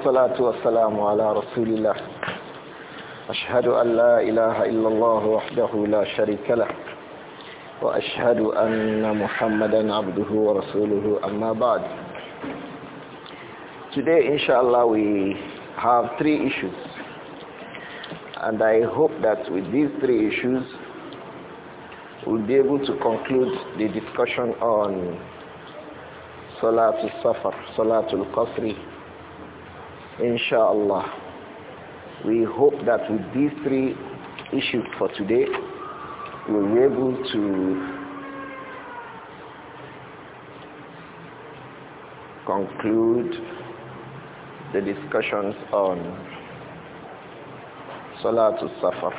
الصلاة والسلام على رسول الله أشهد أن لا إله إلا الله وحده لا شريك له وأشهد أن محمدا عبده ورسوله أما بعد Today inshallah we have three issues and I hope that with these three issues we'll be able to conclude the discussion on Salatul Safar, Salatul Qasri inshallah we hope that with these three issues for today we'll be able to conclude the discussions on Salatul Safar.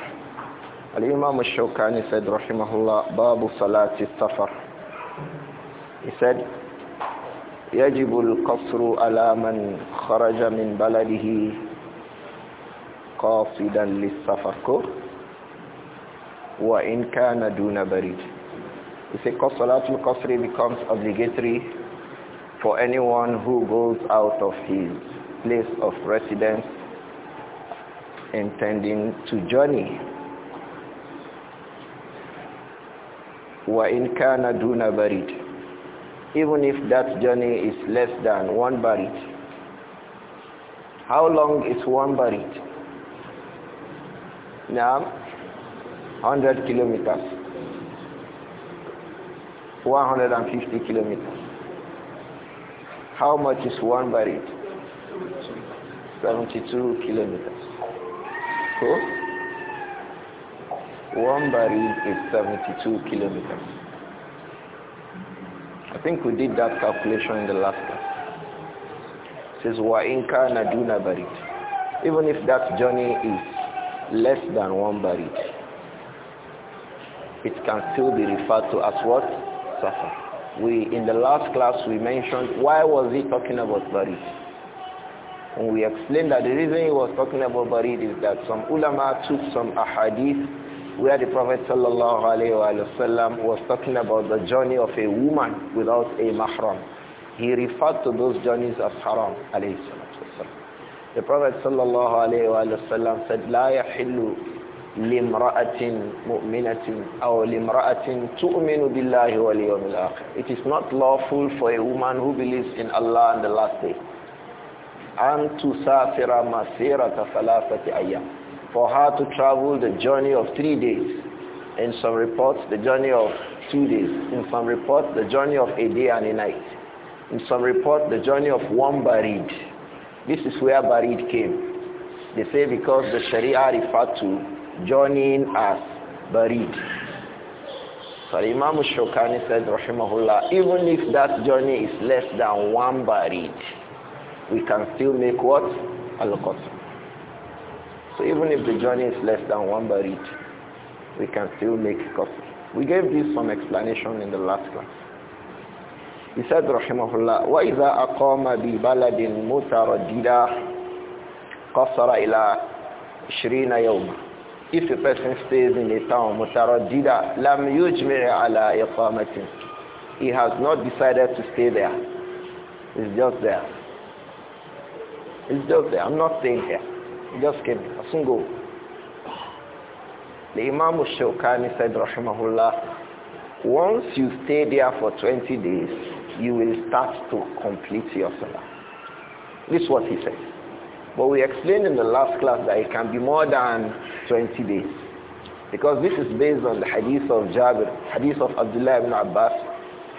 Al-Imam al-Shawkani said, Rahimahullah, Babu Salatul Safar. He said, يجب القصر على من خرج من بلده قاصدا للسفر وإن كان دون بريد It's a Salat al-Qasri becomes obligatory for anyone who goes out of his place of residence intending to journey. وَإِنْ كَانَ دُونَ بَرِيدٍ even if that journey is less than one barit. How long is one barit? Now, 100 kilometers, 150 kilometers. How much is one barit? 72 kilometers. So, one barit is 72 kilometers. I think we did that calculation in the last class. It says wa inka naduna barit. Even if that journey is less than one barit, it can still be referred to as what? Safa. We in the last class we mentioned why was he talking about barit? And we explained that the reason he was talking about barit is that some ulama took some ahadith where the Prophet وسلم was talking about the journey of a woman without a mahram. He referred to those journeys as haram. The Prophet وسلم said, لا يحل لامرأة مؤمنة أو لامرأة تؤمن بالله واليوم الآخر. It is not lawful for a woman who believes in Allah and the last day. أن تسافر مسيرة ثلاثة أيام for her to travel the journey of three days. In some reports, the journey of two days. In some reports, the journey of a day and a night. In some reports, the journey of one barid. This is where barid came. They say because the Sharia referred to journeying as barid. So Imam Shokani said, Rahimahullah, even if that journey is less than one barid, we can still make what? Al-Qasr. So even if the journey is less than one barit, we can still make qasr. We gave this some explanation in the last class. He said, Rahimahullah, وَإِذَا أَقَامَ بِبَلَدٍ مُتَرَدِّدًا قَصَرَ إِلَىٰ عشرين يوما if a person stays in a town مترددا لم يجمع على إقامة he has not decided to stay there he's just there he's just there I'm not staying here just came, a single. The Imam al-Shawkani said, Rahimahullah, once you stay there for 20 days, you will start to complete your salah. This is what he said. But we explained in the last class that it can be more than 20 days. Because this is based on the hadith of Jabir, hadith of Abdullah ibn Abbas,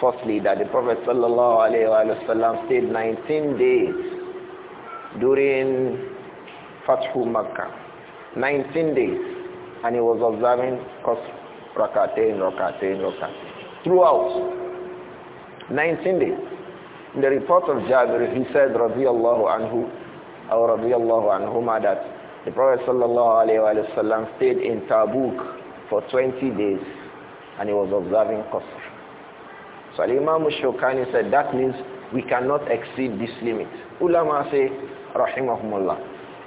firstly, that the Prophet sallallahu alaihi wasallam stayed 19 days during Fathu Makkah. 19 days. And he was observing Qasr, Rakatain, Rakatain, Rakatain. Throughout. 19 days. In the report of Jabir, he said, radiyallahu anhu, or radiyallahu anhuma, that the Prophet sallallahu alayhi wa stayed in Tabuk for 20 days and he was observing Qasr. So Imam Shokani said that means we cannot exceed this limit. Ulama say, rahimahumullah,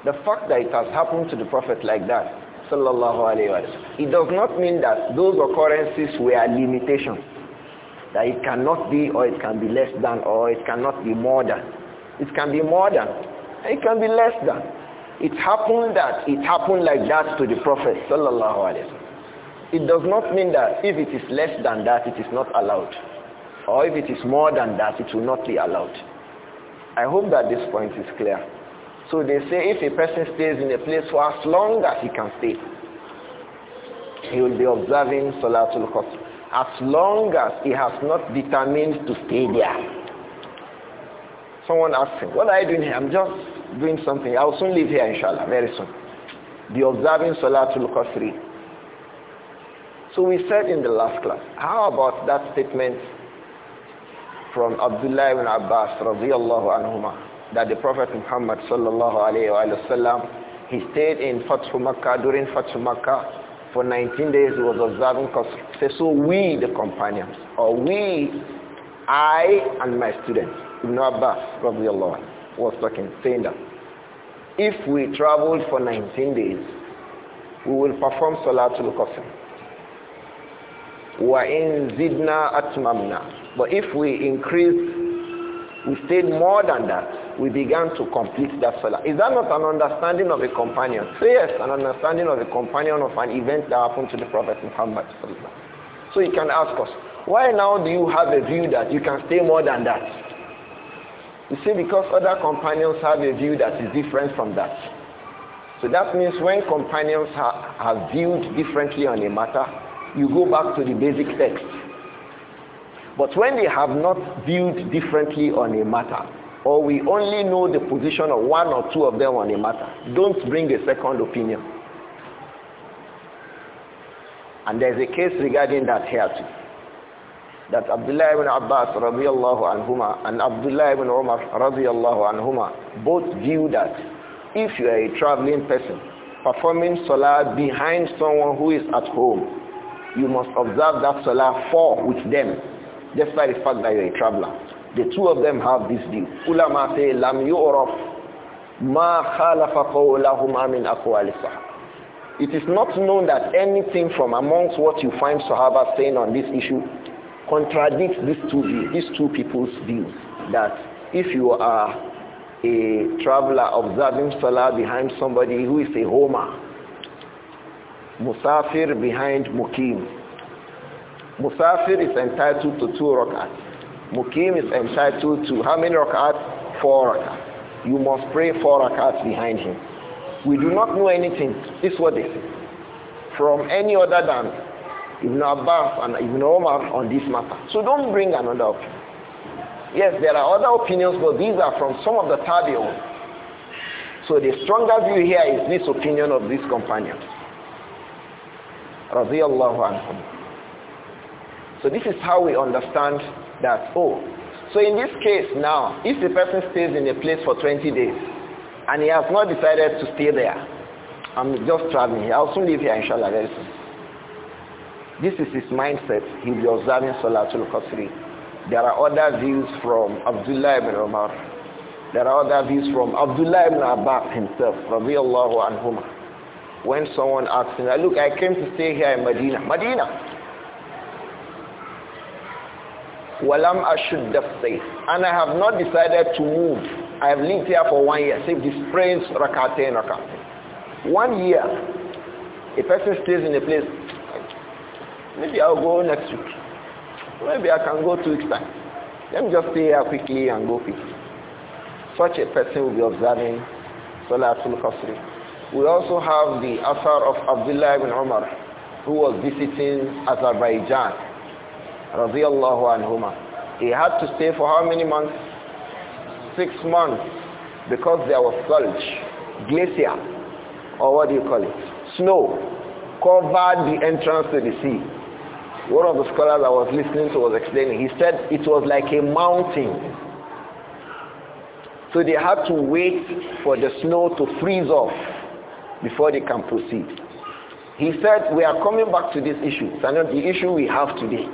the fact that it has happened to the Prophet like that, sallallahu alayhi wa it does not mean that those occurrences were limitations. That it cannot be or it can be less than or it cannot be more than. It can be more than. It can be less than. It happened that it happened like that to the Prophet sallallahu alayhi wa It does not mean that if it is less than that, it is not allowed. Or if it is more than that, it will not be allowed. I hope that this point is clear. So they say if a person stays in a place for as long as he can stay, he will be observing Salatul Qasr. As long as he has not determined to stay there. Someone asked him, what are you doing here? I'm just doing something. I will soon leave here, inshallah, very soon. Be observing Salatul Qasr. So we said in the last class, how about that statement from Abdullah ibn Abbas radiallahu anhumah that the Prophet Muhammad sallallahu alayhi wa sallam, he stayed in Fathu Makkah during Fathu Makkah for 19 days he was observing because, So we the companions, or we, I and my students, Ibn Abbas radiallahu was talking, saying that if we traveled for 19 days, we will perform Salatul Qasr. وَإِن زِدْنَا أَتْمَمْنَا But if we increase, we stayed more than that, we began to complete that salah. Is that not an understanding of a companion? Say yes, an understanding of a companion of an event that happened to the Prophet Muhammad. So you can ask us, why now do you have a view that you can stay more than that? You see, because other companions have a view that is different from that. So that means when companions have viewed differently on a matter, you go back to the basic text. But when they have not viewed differently on a matter, or we only know the position of one or two of them on a matter. Don't bring a second opinion. And there's a case regarding that here too. That Abdullah ibn Abbas radiallahu anhuma and Abdullah ibn Umar radiallahu anhuma both view that if you are a traveling person performing salah behind someone who is at home, you must observe that salah for with them, despite the fact that you're a traveler. The two of them have this view. Ulama say, Lam yu'raf ma khalafa It is not known that anything from amongst what you find Sahaba saying on this issue contradicts these two views, these two people's views. That if you are a traveler observing Salah behind somebody who is a Homer, Musafir behind Mukim, Musafir is entitled to two rak'ahs. Mukim is entitled to how many rak'at? Four rak'at. You must pray four rak'at behind him. We do not know anything. This is what they say. From any other than Ibn Abbas and Ibn Omar on this matter. So don't bring another opinion. Yes, there are other opinions, but these are from some of the tabi'un. So the stronger view here is this opinion of these companions. So this is how we understand that, oh, so in this case now, if the person stays in a place for 20 days and he has not decided to stay there, I'm just traveling. here. I'll soon leave here, inshallah, very soon. This is his mindset. He'll be observing Salatul Qasri. There are other views from Abdullah ibn Umar. There are other views from Abdullah ibn Abbas himself, radiallahu anhuma. When someone asks him, look, I came to stay here in Medina. Medina! Walam ashud dafsay. And I have not decided to move. I have lived here for one year. Save this praise rakatain rakatain. One year, a person stays in a place. Maybe I'll go next week. Maybe I can go two weeks time. Let me just stay here quickly and go quickly. Such a person will be observing Salatul Qasri. We also have the Asar of Abdullah ibn Umar who was visiting Azerbaijan radiallahu anhuma. He had to stay for how many months? Six months. Because there was sludge, glacier, or what do you call it? Snow covered the entrance to the sea. One of the scholars I was listening to was explaining, he said it was like a mountain. So they had to wait for the snow to freeze off before they can proceed. He said, we are coming back to this issue. It's the issue we have today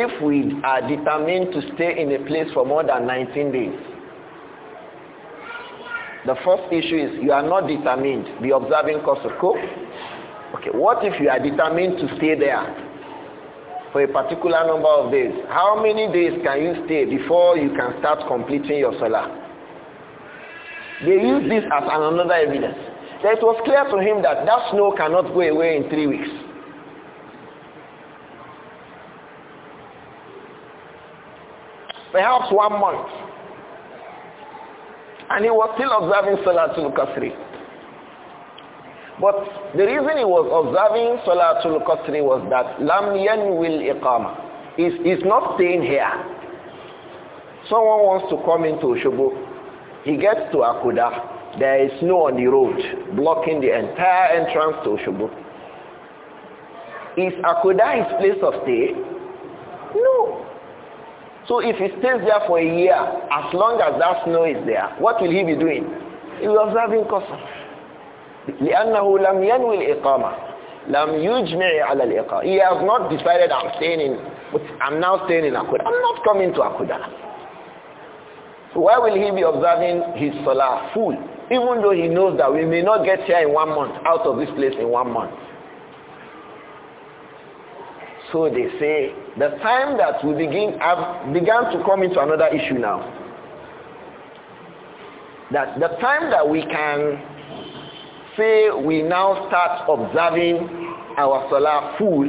if we are determined to stay in a place for more than 19 days, the first issue is you are not determined. Be observing of Kosoko. Okay, what if you are determined to stay there for a particular number of days? How many days can you stay before you can start completing your solar? They use this as another evidence. That it was clear to him that that snow cannot go away in three weeks. perhaps one month. And he was still observing Salatul Qasri. But the reason he was observing Salatul Qasri was that Lam Yanwil Iqama. He's, he's not staying here. Someone wants to come into Oshobo. He gets to Akuda. There is snow on the road, blocking the entire entrance to Oshobo. Is Akuda his place of stay? No. So if he stays there for a year, as long as that snow is there, what will he be doing? He will be observing qasr. لأنه لم ينوي الإقامة لم يجمع على الإقامة He has not decided I'm staying in I'm now staying in Akuda. I'm not coming to Akuda. So why will he be observing his Salah full? Even though he knows that we may not get here in one month, out of this place in one month. So they say the time that we begin, have began to come into another issue now. That the time that we can say we now start observing our salah full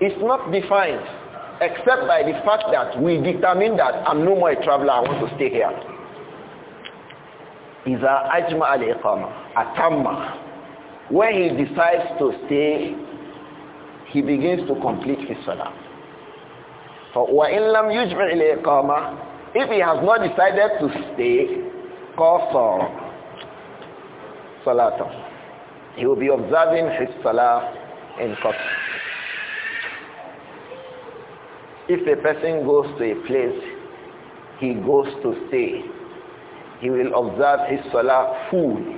is not defined except by the fact that we determine that I'm no more a traveler, I want to stay here. إذا ajma الإقامة أتم when he decides to stay he begins to complete his salah if he has not decided to stay, for salat. He will be observing his salah in qasr. If a person goes to a place, he goes to stay. He will observe his salah fully.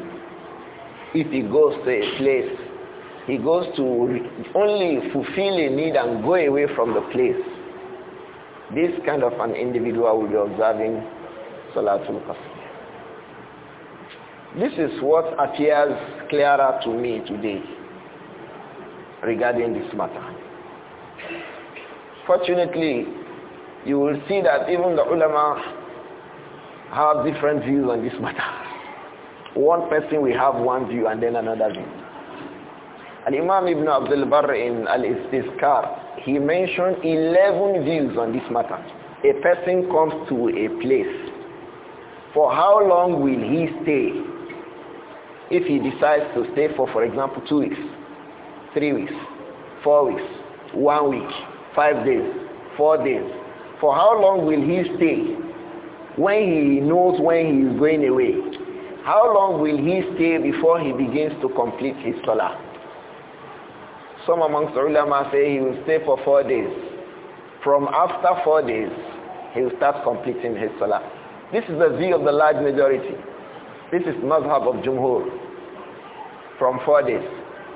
If he goes to a place, he goes to only fulfill a need and go away from the place. This kind of an individual will be observing Salatul Qasr. This is what appears clearer to me today regarding this matter. Fortunately, you will see that even the ulama have different views on this matter. One person will have one view and then another view. Al-Imam Ibn Abdul Barr in Al-Istizkar, he mentioned 11 views on this matter. A person comes to a place. For how long will he stay? If he decides to stay for, for example, two weeks, three weeks, four weeks, one week, five days, four days. For how long will he stay? When he knows when he is going away. How long will he stay before he begins to complete his salah? Some amongst the ulama say he will stay for four days. From after four days, he will start completing his salah. This is the view of the large majority. This is mazhab of Jumhur. From four days.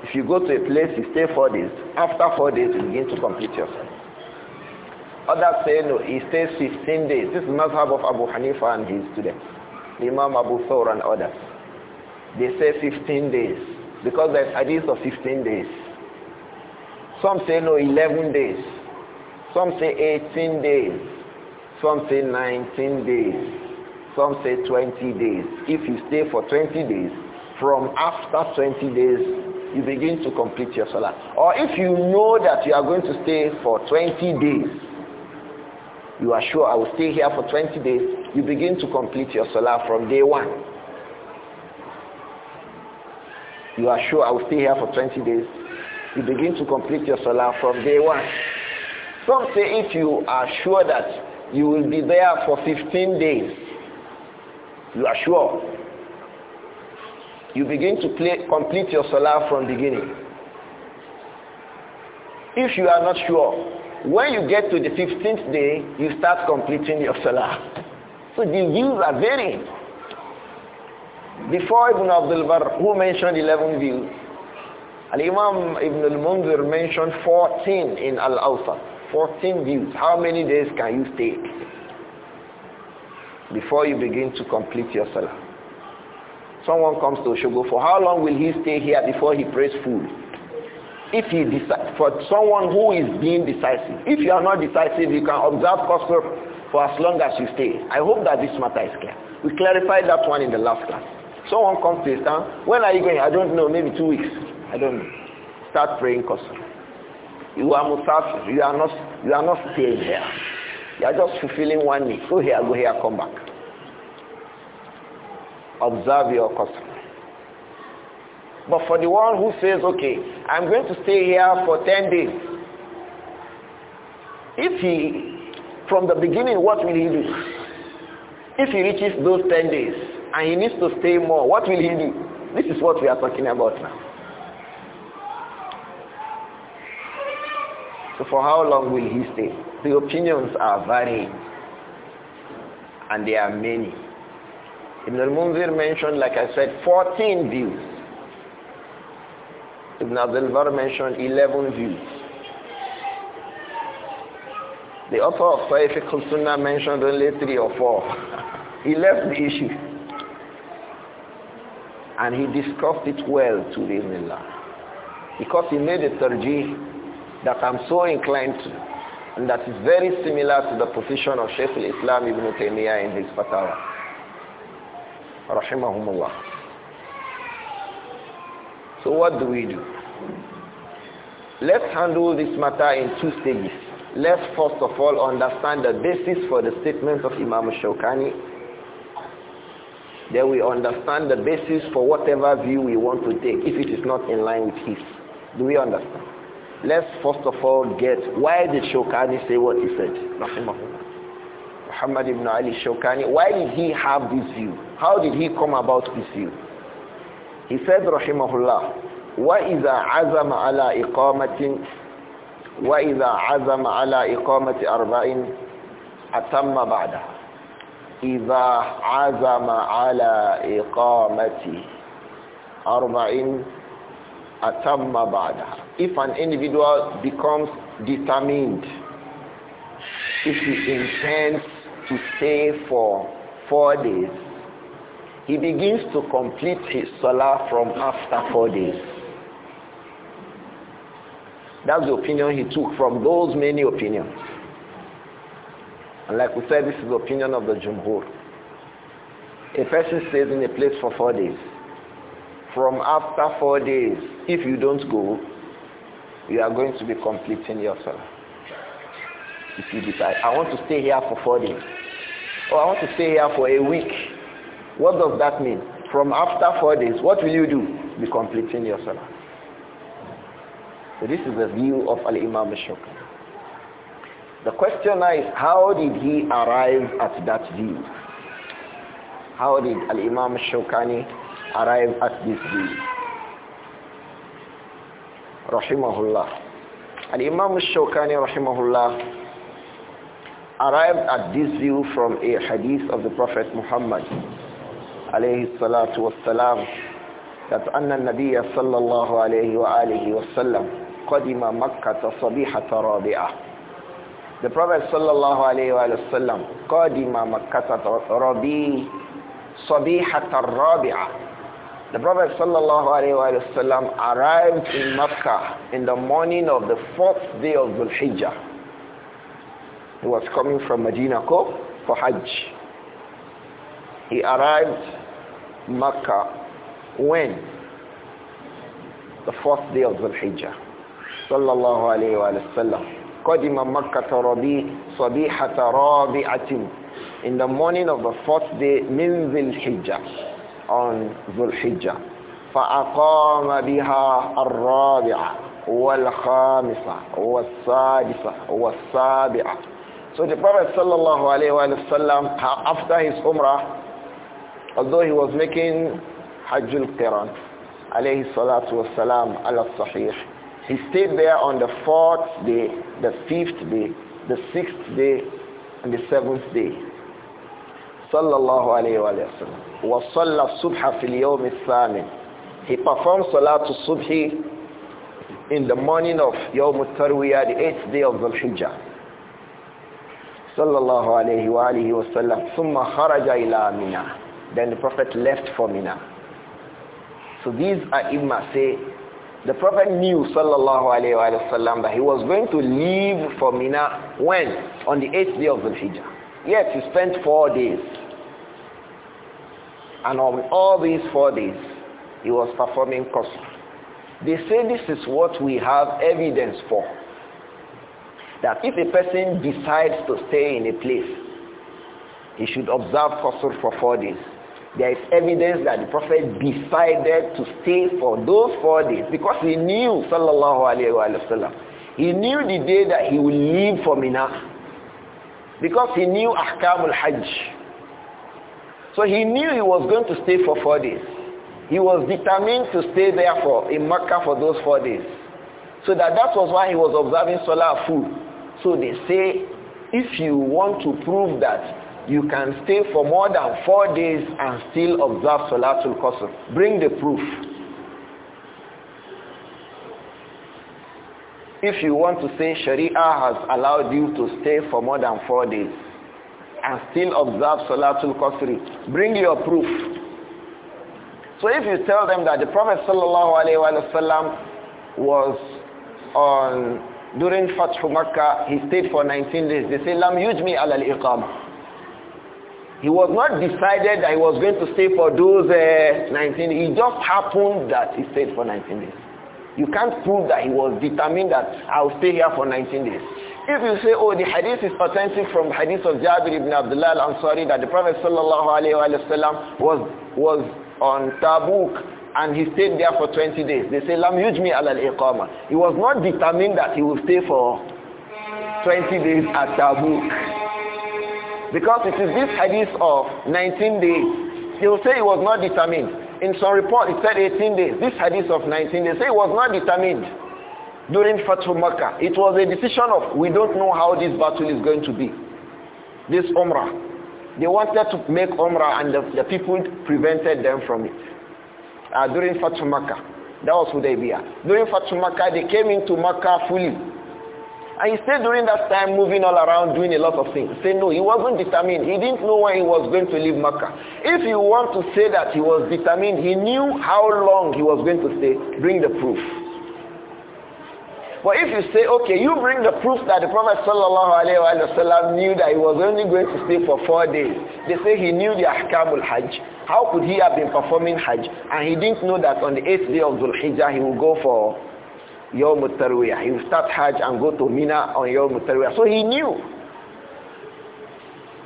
If you go to a place, you stay four days. After four days, you begin to complete your salah. Others say no, he stays 15 days. This is mazhab of Abu Hanifa and his students. Imam Abu Thawr and others. They say 15 days because there's hadith of 15 days. Some say no, 11 days. Some say 18 days. Some say 19 days. Some say 20 days. If you stay for 20 days, from after 20 days, you begin to complete your salah. Or if you know that you are going to stay for 20 days, you are sure I will stay here for 20 days, you begin to complete your salah from day one. You are sure I will stay here for 20 days, you begin to complete your salah from day one. Some say if you are sure that you will be there for 15 days, you are sure. You begin to play, complete your salah from beginning. If you are not sure, when you get to the 15th day, you start completing your salah. So the views are varying. Before Ibn Abdul Barr, who mentioned 11 views, Al-Imam Ibn al-Munzir mentioned 14 in Al-Awsat. 14 views. How many days can you take before you begin to complete your salah? Someone comes to Oshogo, for how long will he stay here before he prays food? If he decide for someone who is being decisive, if you are not decisive, you can observe custom for as long as you stay. I hope that this matter is clear. We clarified that one in the last class. Someone comes to Islam, when are you going? I don't know, maybe two weeks. I don't know. Start praying custom. You are musafir. You are not you are not staying here. You are just fulfilling one need. Go here, go here, come back. Observe your custom. But for the one who says, okay, I'm going to stay here for 10 days, if he, from the beginning, what will he do? If he reaches those 10 days and he needs to stay more, what will he do? This is what we are talking about now. So for how long will he stay? The opinions are varying and there are many. Ibn al-Munzir mentioned, like I said, 14 views. Ibn al-Bar mentioned 11 views. The author of Taifiq al-Sunnah mentioned only three or four. he left the issue. And he discussed it well to the Allah. Because he made a tarjih that I'm so inclined to and that is very similar to the position of Sheikh al-Islam Ibn Taymiyyah in his fatwa. Rahimahumullah. So what do we do? Let's handle this matter in two stages. Let's first of all understand the basis for the statement of Imam Shawkani. Then we understand the basis for whatever view we want to take if it is not in line with his. Do we understand? Let's first of all get why did Shokani say what he said? Muhammad ibn Ali Shokani, why did he have this view? How did he come about this view? He said, Rahimahullah, وَإِذَا عَزَمَ عَلَىٰ إِقَامَةٍ وَإِذَا عَزَمَ عَلَىٰ إِقَامَةِ أَرْبَعٍ أَتَمَّ بَعْدَهَا إِذَا عَزَمَ عَلَىٰ إِقَامَةِ أَرْبَعٍ atamma ba'daha. If an individual becomes determined, if he intends to stay for four days, he begins to complete his salah from after four days. That's the opinion he took from those many opinions. And like we said, this is the opinion of the Jumhur. A person stays in a place for four days from after four days, if you don't go, you are going to be completing yourself. If you decide, I want to stay here for four days, or oh, I want to stay here for a week, what does that mean? From after four days, what will you do? Be completing yourself. So this is the view of Al-Imam Shokani. The question is, how did he arrive at that view? How did Al-Imam Shokani arrive at this view. Rahimahullah. And Imam Shokani Rahimahullah arrived at this view from a hadith of the Prophet Muhammad alayhi salatu wassalam that anna nabiyya sallallahu alayhi wa alihi wasallam qadima makkata sabihata rabi'ah the Prophet sallallahu alayhi wa sallam qadima makkata rabi sabihata rabi'ah the Prophet ﷺ arrived in Mecca in the morning of the fourth day of Dhul Hijjah. He was coming from Medina for Hajj. He arrived Mecca when? The fourth day of Dhul Hijjah. Sallallahu alayhi wa sallam. قدم مكة صبيحة رابعة in the morning of the fourth day من ذي الحجة on Dhul Hijjah فأقام بها الرابعة والخامسة والسادسة والسابعة So the Prophet sallallahu alayhi wa sallam after his umrah although he was making Hajjul Qiran alayhi salatu wa salam ala sahih he stayed there on the fourth day the fifth day the sixth day and the seventh day صلى الله عليه وآله وسلم وصلى الصبح في اليوم الثامن he performed salat صلاة الصبح in the morning of يوم التروية the eighth day of Dhul-Hijjah صلى الله عليه وآله وسلم ثم خرج إلى Mina then the prophet left for Mina so these are Imma say the prophet knew sallallahu alaihi wasallam that he was going to leave for Mina when on the 8th day of the hijjah Yes, he spent four days. And on all these four days, he was performing qasr. They say this is what we have evidence for. That if a person decides to stay in a place, he should observe qasr for four days. There is evidence that the Prophet decided to stay for those four days because he knew, sallallahu alayhi wa, sallam, he knew the day that he will leave for Mina because he knew al hajj so he knew he was going to stay for four days. He was determined to stay there for, in Mecca for those four days. So that, that was why he was observing solar full. So they say, if you want to prove that you can stay for more than four days and still observe Salatul Qasr, bring the proof. If you want to say Sharia has allowed you to stay for more than four days, and still observe Salatul Qasri. Bring your proof. So if you tell them that the Prophet sallallahu alaihi wasallam was on, during Fathu Makkah, he stayed for 19 days, they say, Lam yujmi al iqam He was not decided that he was going to stay for those uh, 19 days. It just happened that he stayed for 19 days. You can't prove that he was determined that I'll stay here for 19 days. If you say, oh, the hadith is authentic from hadith of Jabir ibn Abdullah al-Ansari that the Prophet sallallahu alayhi wa was, was on Tabuk and he stayed there for 20 days. They say, Lam yujmi ala al-iqama. He was not determined that he will stay for 20 days at Tabuk. Because it is this hadith of 19 days. They will say he was not determined. In some report, it said 18 days. This hadith of 19 days, say he was not determined during Fatu Makkah. It was a decision of, we don't know how this battle is going to be. This Umrah. They wanted to make Umrah and the, the people prevented them from it. Uh, during Fatu Makkah. That was Hudaybiyah. During Fatu Makkah, they came into Makkah fully. And he stayed during that time moving all around doing a lot of things. Say no, he wasn't determined. He didn't know when he was going to leave Makkah. If you want to say that he was determined, he knew how long he was going to stay. Bring the proof. But if you say, okay, you bring the proof that the Prophet ﷺ knew that he was only going to stay for four days. They say he knew the Ahkamul Hajj. How could he have been performing Hajj? And he didn't know that on the eighth day of Dhul Hijjah he will go for Yawm Tarwiyah. He will start Hajj and go to Mina on Yawm Tarwiyah. So he knew.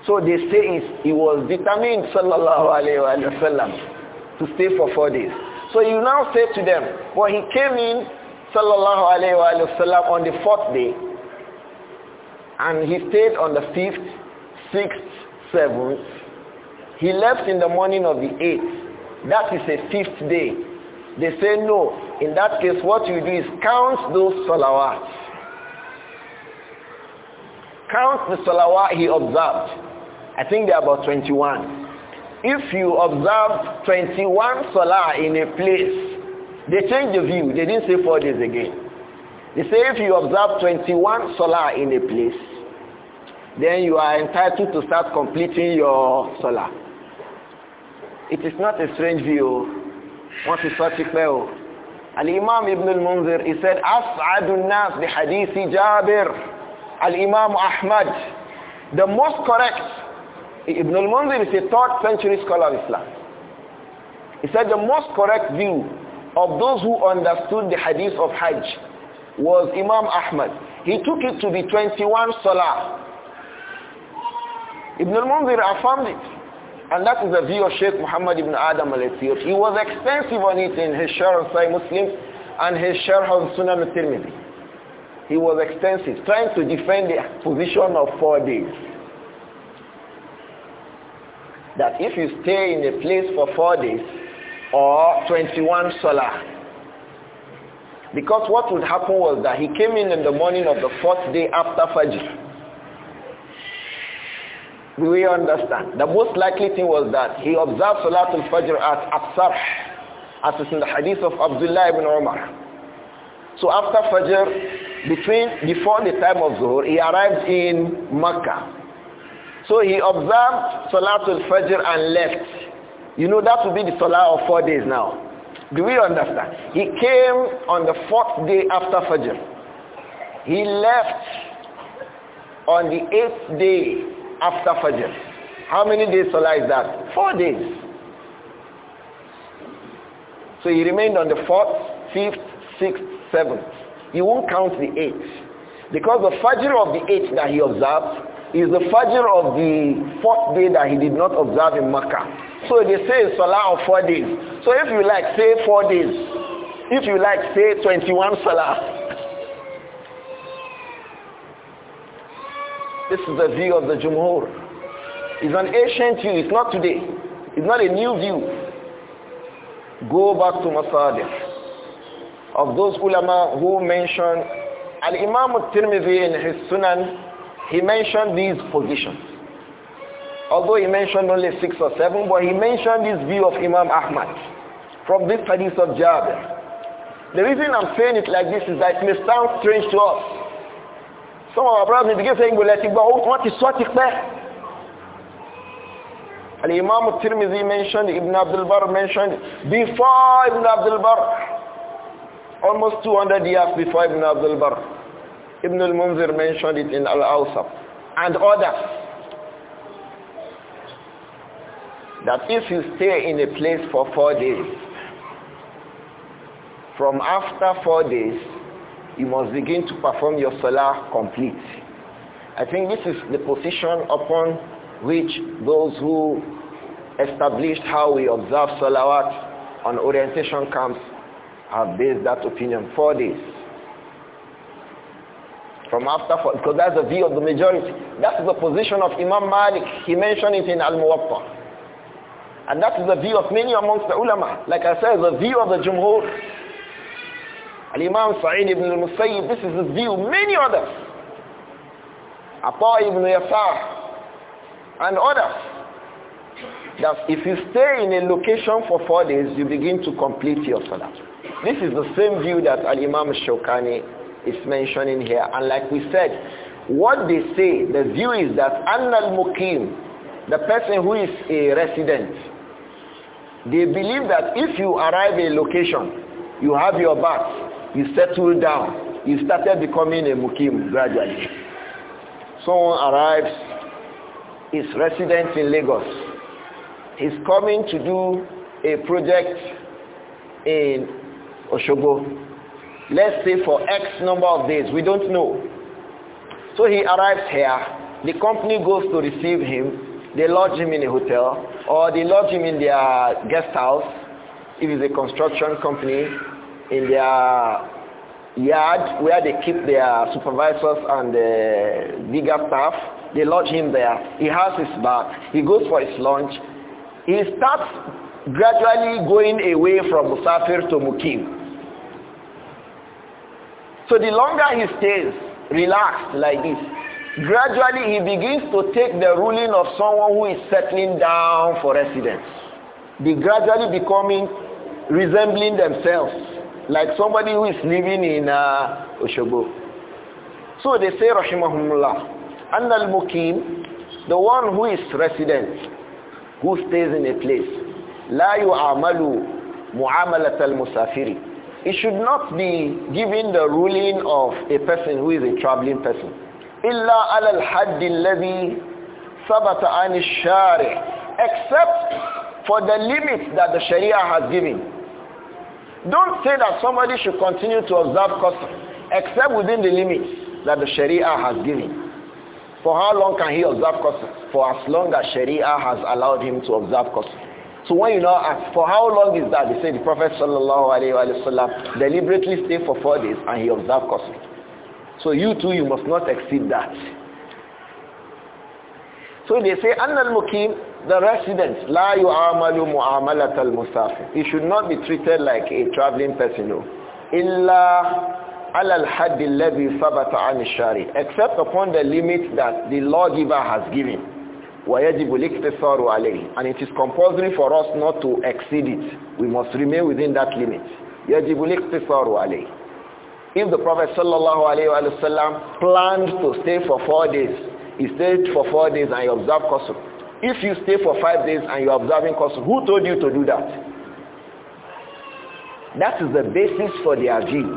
So they say he was determined, sallallahu alayhi wa sallam, to stay for four days. So you now say to them, well, he came in sallallahu alayhi wa sallam on the fourth day and he stayed on the fifth, sixth, seventh. He left in the morning of the eighth. That is a fifth day. They say no. In that case, what you do is count those salawats. Count the salawat he observed. I think there are about 21. If you observe 21 salah in a place, they changed the view. They didn't say four days again. They say if you observe 21 solar in a place, then you are entitled to start completing your solar. It is not a strange view. Once you a Al-Imam Ibn al-Munzir, he said, أَسْعَدُ nas بِحَدِيثِ Jabir. Al-Imam Ahmad, the most correct, Ibn al-Munzir is a 3rd century scholar of Islam. He said the most correct view of those who understood the hadith of Hajj was Imam Ahmad. He took it to be 21 Salah. Ibn al-Munzir affirmed it. And that is the view of Sheikh Muhammad ibn Adam al-Ethiopi. He was extensive on it in his Sharh al-Sahih Muslim and his Sharh al-Sunan al-Tirmidhi. He was extensive, trying to defend the position of four days. That if you stay in a place for four days, or 21 Salah. Because what would happen was that he came in in the morning of the fourth day after Fajr. Do we understand? The most likely thing was that he observed Salatul Fajr at Absar, as is in the hadith of Abdullah ibn Umar. So after Fajr, between, before the time of Zuhur, he arrived in Makkah. So he observed Salatul Fajr and left. You know that will be the solar of four days now. Do we understand? He came on the fourth day after Fajr. He left on the eighth day after Fajr. How many days solar is that? Four days. So he remained on the fourth, fifth, sixth, seventh. He won't count the eighth. Because the Fajr of the eighth that he observed is the Fajr of the fourth day that he did not observe in Makkah. So they say Salah of four days. So if you like, say four days. If you like, say 21 Salah. This is the view of the Jumhur. It's an ancient view. It's not today. It's not a new view. Go back to Masadif. Of those ulama who mentioned Al-Imam al-Tirmidhi in his Sunan he mentioned these positions. Although he mentioned only six or seven, but he mentioned this view of Imam Ahmad from this hadith of Jabir. The reason I'm saying it like this is that it may sound strange to us. Some of our brothers begin saying, well, let oh, What is what is And Imam al-Tirmidhi mentioned, Ibn Abdul Bar mentioned, before Ibn Abdul Bar, almost 200 years before Ibn Abdul Bar. Ibn al-Munzir mentioned it in Al-Awsaf and others. That if you stay in a place for four days, from after four days, you must begin to perform your salah complete. I think this is the position upon which those who established how we observe salawat on orientation camps have based that opinion. Four days. From after, because that's the view of the majority. That's the position of Imam Malik. He mentioned it in Al-Muwatta. And that is the view of many amongst the ulama. Like I said, the view of the Jumhur. Al-Imam Sa'id ibn al-Musayyib, this is the view. Many others. Atta ibn Yasar and others. That if you stay in a location for four days, you begin to complete your salah. This is the same view that Al-Imam Shawkani is in here. And like we said, what they say, the view is that Annal Mukim, the person who is a resident, they believe that if you arrive a location, you have your bath, you settle down, you started becoming a Mukim gradually. Someone arrives, is resident in Lagos. He's coming to do a project in Oshobo let's say for X number of days. We don't know. So he arrives here. The company goes to receive him. They lodge him in a hotel or they lodge him in their guest house if it's a construction company in their yard where they keep their supervisors and the bigger staff. They lodge him there. He has his bath. He goes for his lunch. He starts gradually going away from Musafir to Mukim. So the longer he stays relaxed like this, gradually he begins to take the ruling of someone who is settling down for residence. They gradually becoming resembling themselves, like somebody who is living in uh, Oshobo. So they say, Rahimahumullah, and al-Mukim, the one who is resident, who stays in a place, لا يعامل معاملة المسافر it should not be given the ruling of a person who is a traveling person. إِلَّا al الْحَدِّ الَّذِي ثَبَتَ an الشَّارِعِ Except for the limit that the Sharia has given. Don't say that somebody should continue to observe custom except within the limits that the Sharia has given. For how long can he observe custom? For as long as Sharia has allowed him to observe custom. So when you know ask, for how long is that? They say the Prophet sallallahu alayhi wa deliberately stayed for four days and he observed fasting. So you too, you must not exceed that. So they say, أن المقيم, the resident, لا يعامل معاملة المسافر. He should not be treated like a traveling person. No. إلا على الحد الذي ثبت عن الشارع. Except upon the limit that the lawgiver has given. وَيَجِبُ الْإِكْتِصَارُ عَلَيْهِ And it is compulsory for us not to exceed it. We must remain within that limit. يَجِبُ الْإِكْتِصَارُ عَلَيْهِ If the Prophet sallallahu wasallam planned to stay for four days, he stayed for four days and he observed Qasr. If you stay for five days and you're observing Qasr, who told you to do that? That is the basis for the Ajib.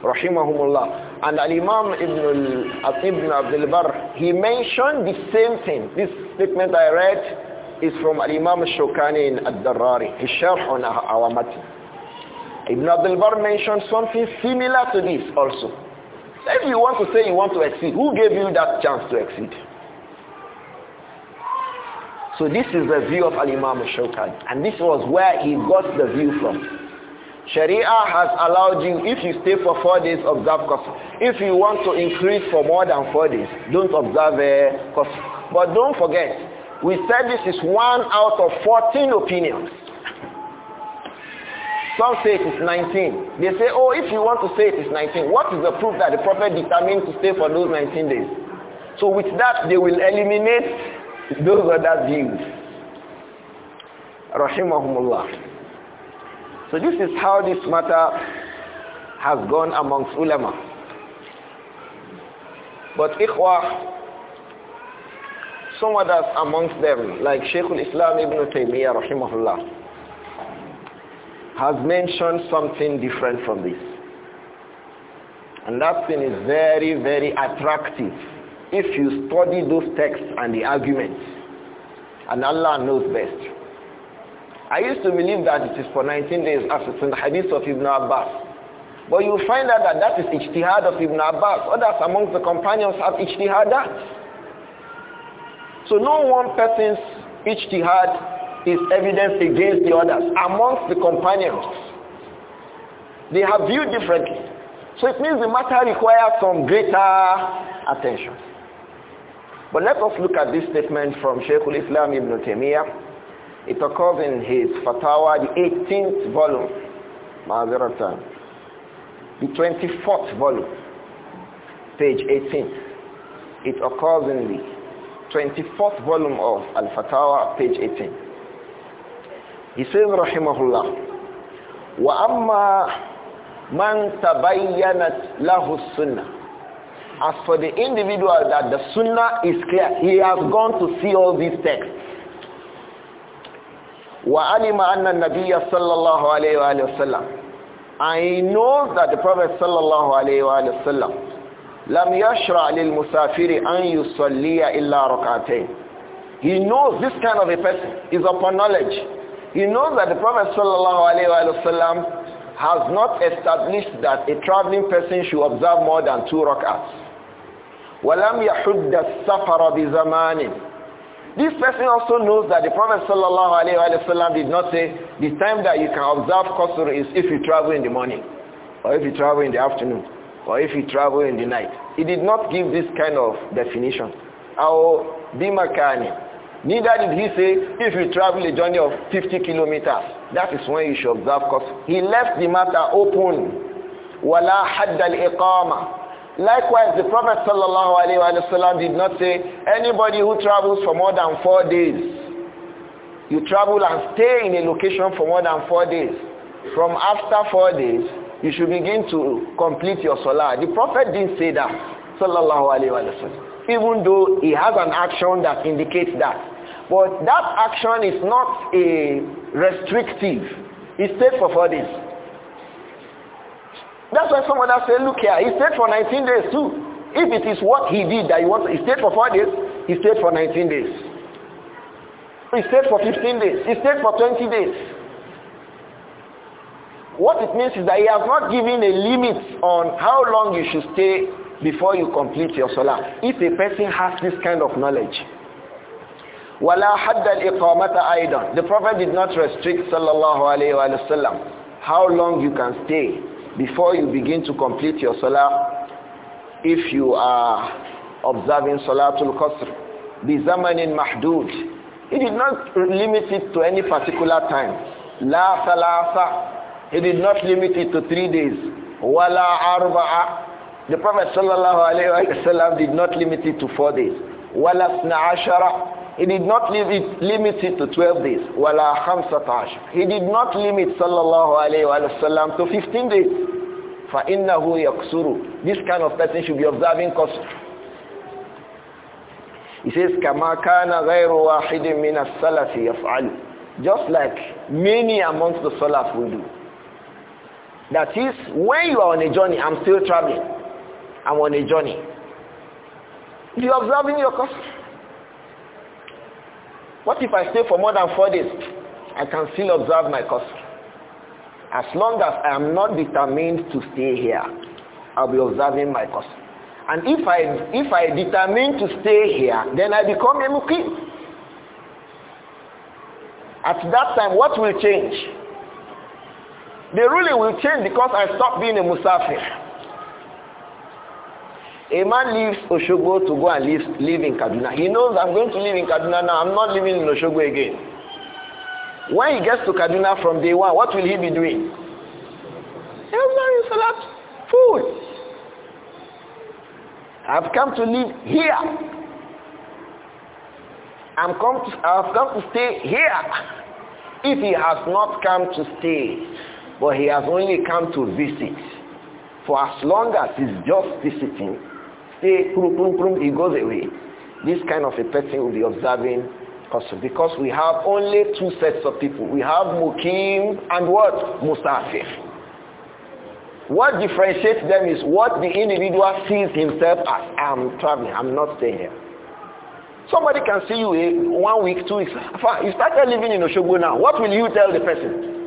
Rahimahumullah. And Al-Imam Ibn, al, Ibn Abdul Bar, he mentioned the same thing. This statement I read is from Al-Imam Shokani in ad darari his sharh on our matter. Ibn Abdul Bar mentioned something similar to this also. If you want to say you want to exceed, who gave you that chance to exceed? So this is the view of Al-Imam Shokani. And this was where he got the view from. Sharia has allowed you, if you stay for four days, observe custom. If you want to increase for more than four days, don't observe uh, eh, custom. But don't forget, we said this is one out of 14 opinions. Some say it is 19. They say, oh, if you want to say it is 19, what is the proof that the prophet determined to stay for those 19 days? So with that, they will eliminate those other views. Rahimahumullah. So this is how this matter has gone amongst ulama. But ikhwah, some others amongst them, like sheik al-Islam ibn Taymiyyah rahimahullah, has mentioned something different from this. And that thing is very, very attractive if you study those texts and the arguments. And Allah knows best. I used to believe that it is for 19 days as it's in the hadith of Ibn Abbas. But you find out that that is ijtihad of Ibn Abbas. Others among the companions have that. So no one person's ijtihad is evidence against the others. Amongst the companions, they have viewed differently. So it means the matter requires some greater attention. But let us look at this statement from Sheikh al-Islam Ibn Taymiyyah it occurs in his fatwa, the 18th volume, Ma'aziratan. The 24th volume, page 18. It occurs in the 24th volume of Al-Fatawa, page 18. He says, Rahimahullah, وَأَمَّا مَنْ تَبَيَّنَتْ لَهُ السُّنَّةِ As for the individual that the sunnah is clear, he has gone to see all these texts. وَعَلِمَ أَنَّ النَّبِيَّ صَلَّى اللَّهُ عَلَيْهِ وَآلِهِ وَسَلَّمَ I know that the Prophet sallallahu alayhi wa sallam لَمْ يَشْرَعْ لِلْمُسَافِرِ أَنْ يُصَلِّيَ إِلَّا رَكْعَتَيْنِ He knows this kind of a person is upon knowledge. He knows that the Prophet sallallahu alayhi wa sallam has not established that a traveling person should observe more than two rak'ats. وَلَمْ يَحُدَّ السَّفَرَ بِزَمَانٍ this person also knows that the Prophet sallallahu alayhi wa did not say the time that you can observe Qasr is if you travel in the morning or if you travel in the afternoon or if you travel in the night. He did not give this kind of definition. Aw bimakani. Neither did he say if you travel a journey of 50 kilometers, that is when you should observe Qasr. He left the matter open. Wala hadd Likewise, the Prophet ﷺ did not say, anybody who travels for more than four days, you travel and stay in a location for more than four days. From after four days, you should begin to complete your salah. The Prophet didn't say that, sallallahu even though he has an action that indicates that. But that action is not a restrictive. He stays for four days. That's why someone else said, look here, he stayed for 19 days too. If it is what he did that he wants, he stayed for 4 days, he stayed for 19 days. He stayed for 15 days. He stayed for 20 days. What it means is that he has not given a limit on how long you should stay before you complete your salah. If a person has this kind of knowledge. وَلَا حَدَّ الْإِقَامَةَ أَيْضًا The Prophet did not restrict sallallahu alayhi wa sallam how long you can stay before you begin to complete your salah if you are observing salatul qasr zamanin mahdud he did not limit it to any particular time la salasa he did not limit it to 3 days wala arba'a the prophet sallallahu alaihi wasallam did not limit it to 4 days wala 12 he did not limit, limit it to 12 days. Wala khamsatash. He did not limit sallallahu alayhi wa sallam to 15 days. فَإِنَّهُ يَقْصُرُ This kind of person should be observing qasr. He says, كَمَا كَانَ غَيْرُ وَاحِدٍ مِنَ السَّلَفِ يَفْعَلُ Just like many amongst the Salaf will do. That is, when you are on a journey, I'm still traveling. I'm on a journey. You observing your custom. What if I stay for more than four days? I can still observe my custom. As long as I am not determined to stay here, I'll be observing my custom. And if I, if I determine to stay here, then I become a muqim. At that time, what will change? The ruling will change because I stop being a musafir. A man leaves Oshogo to go and live, live in Kaduna. He knows I'm going to live in Kaduna now. I'm not living in Oshogo again. When he gets to Kaduna from day one, what will he be doing? He'll marry Salat. food. I've come to live here. I'm come to, I've come to stay here. If he has not come to stay, but he has only come to visit, for as long as he's just visiting, stay, boom, boom, boom, it goes away. This kind of a person will be observing Qasr because we have only two sets of people. We have Mukim and what? Musafir. What differentiates them is what the individual sees himself as. I'm traveling. I'm not staying here. Somebody can see you in eh, one week, two weeks. You started living in Oshogo now. What will you tell the person?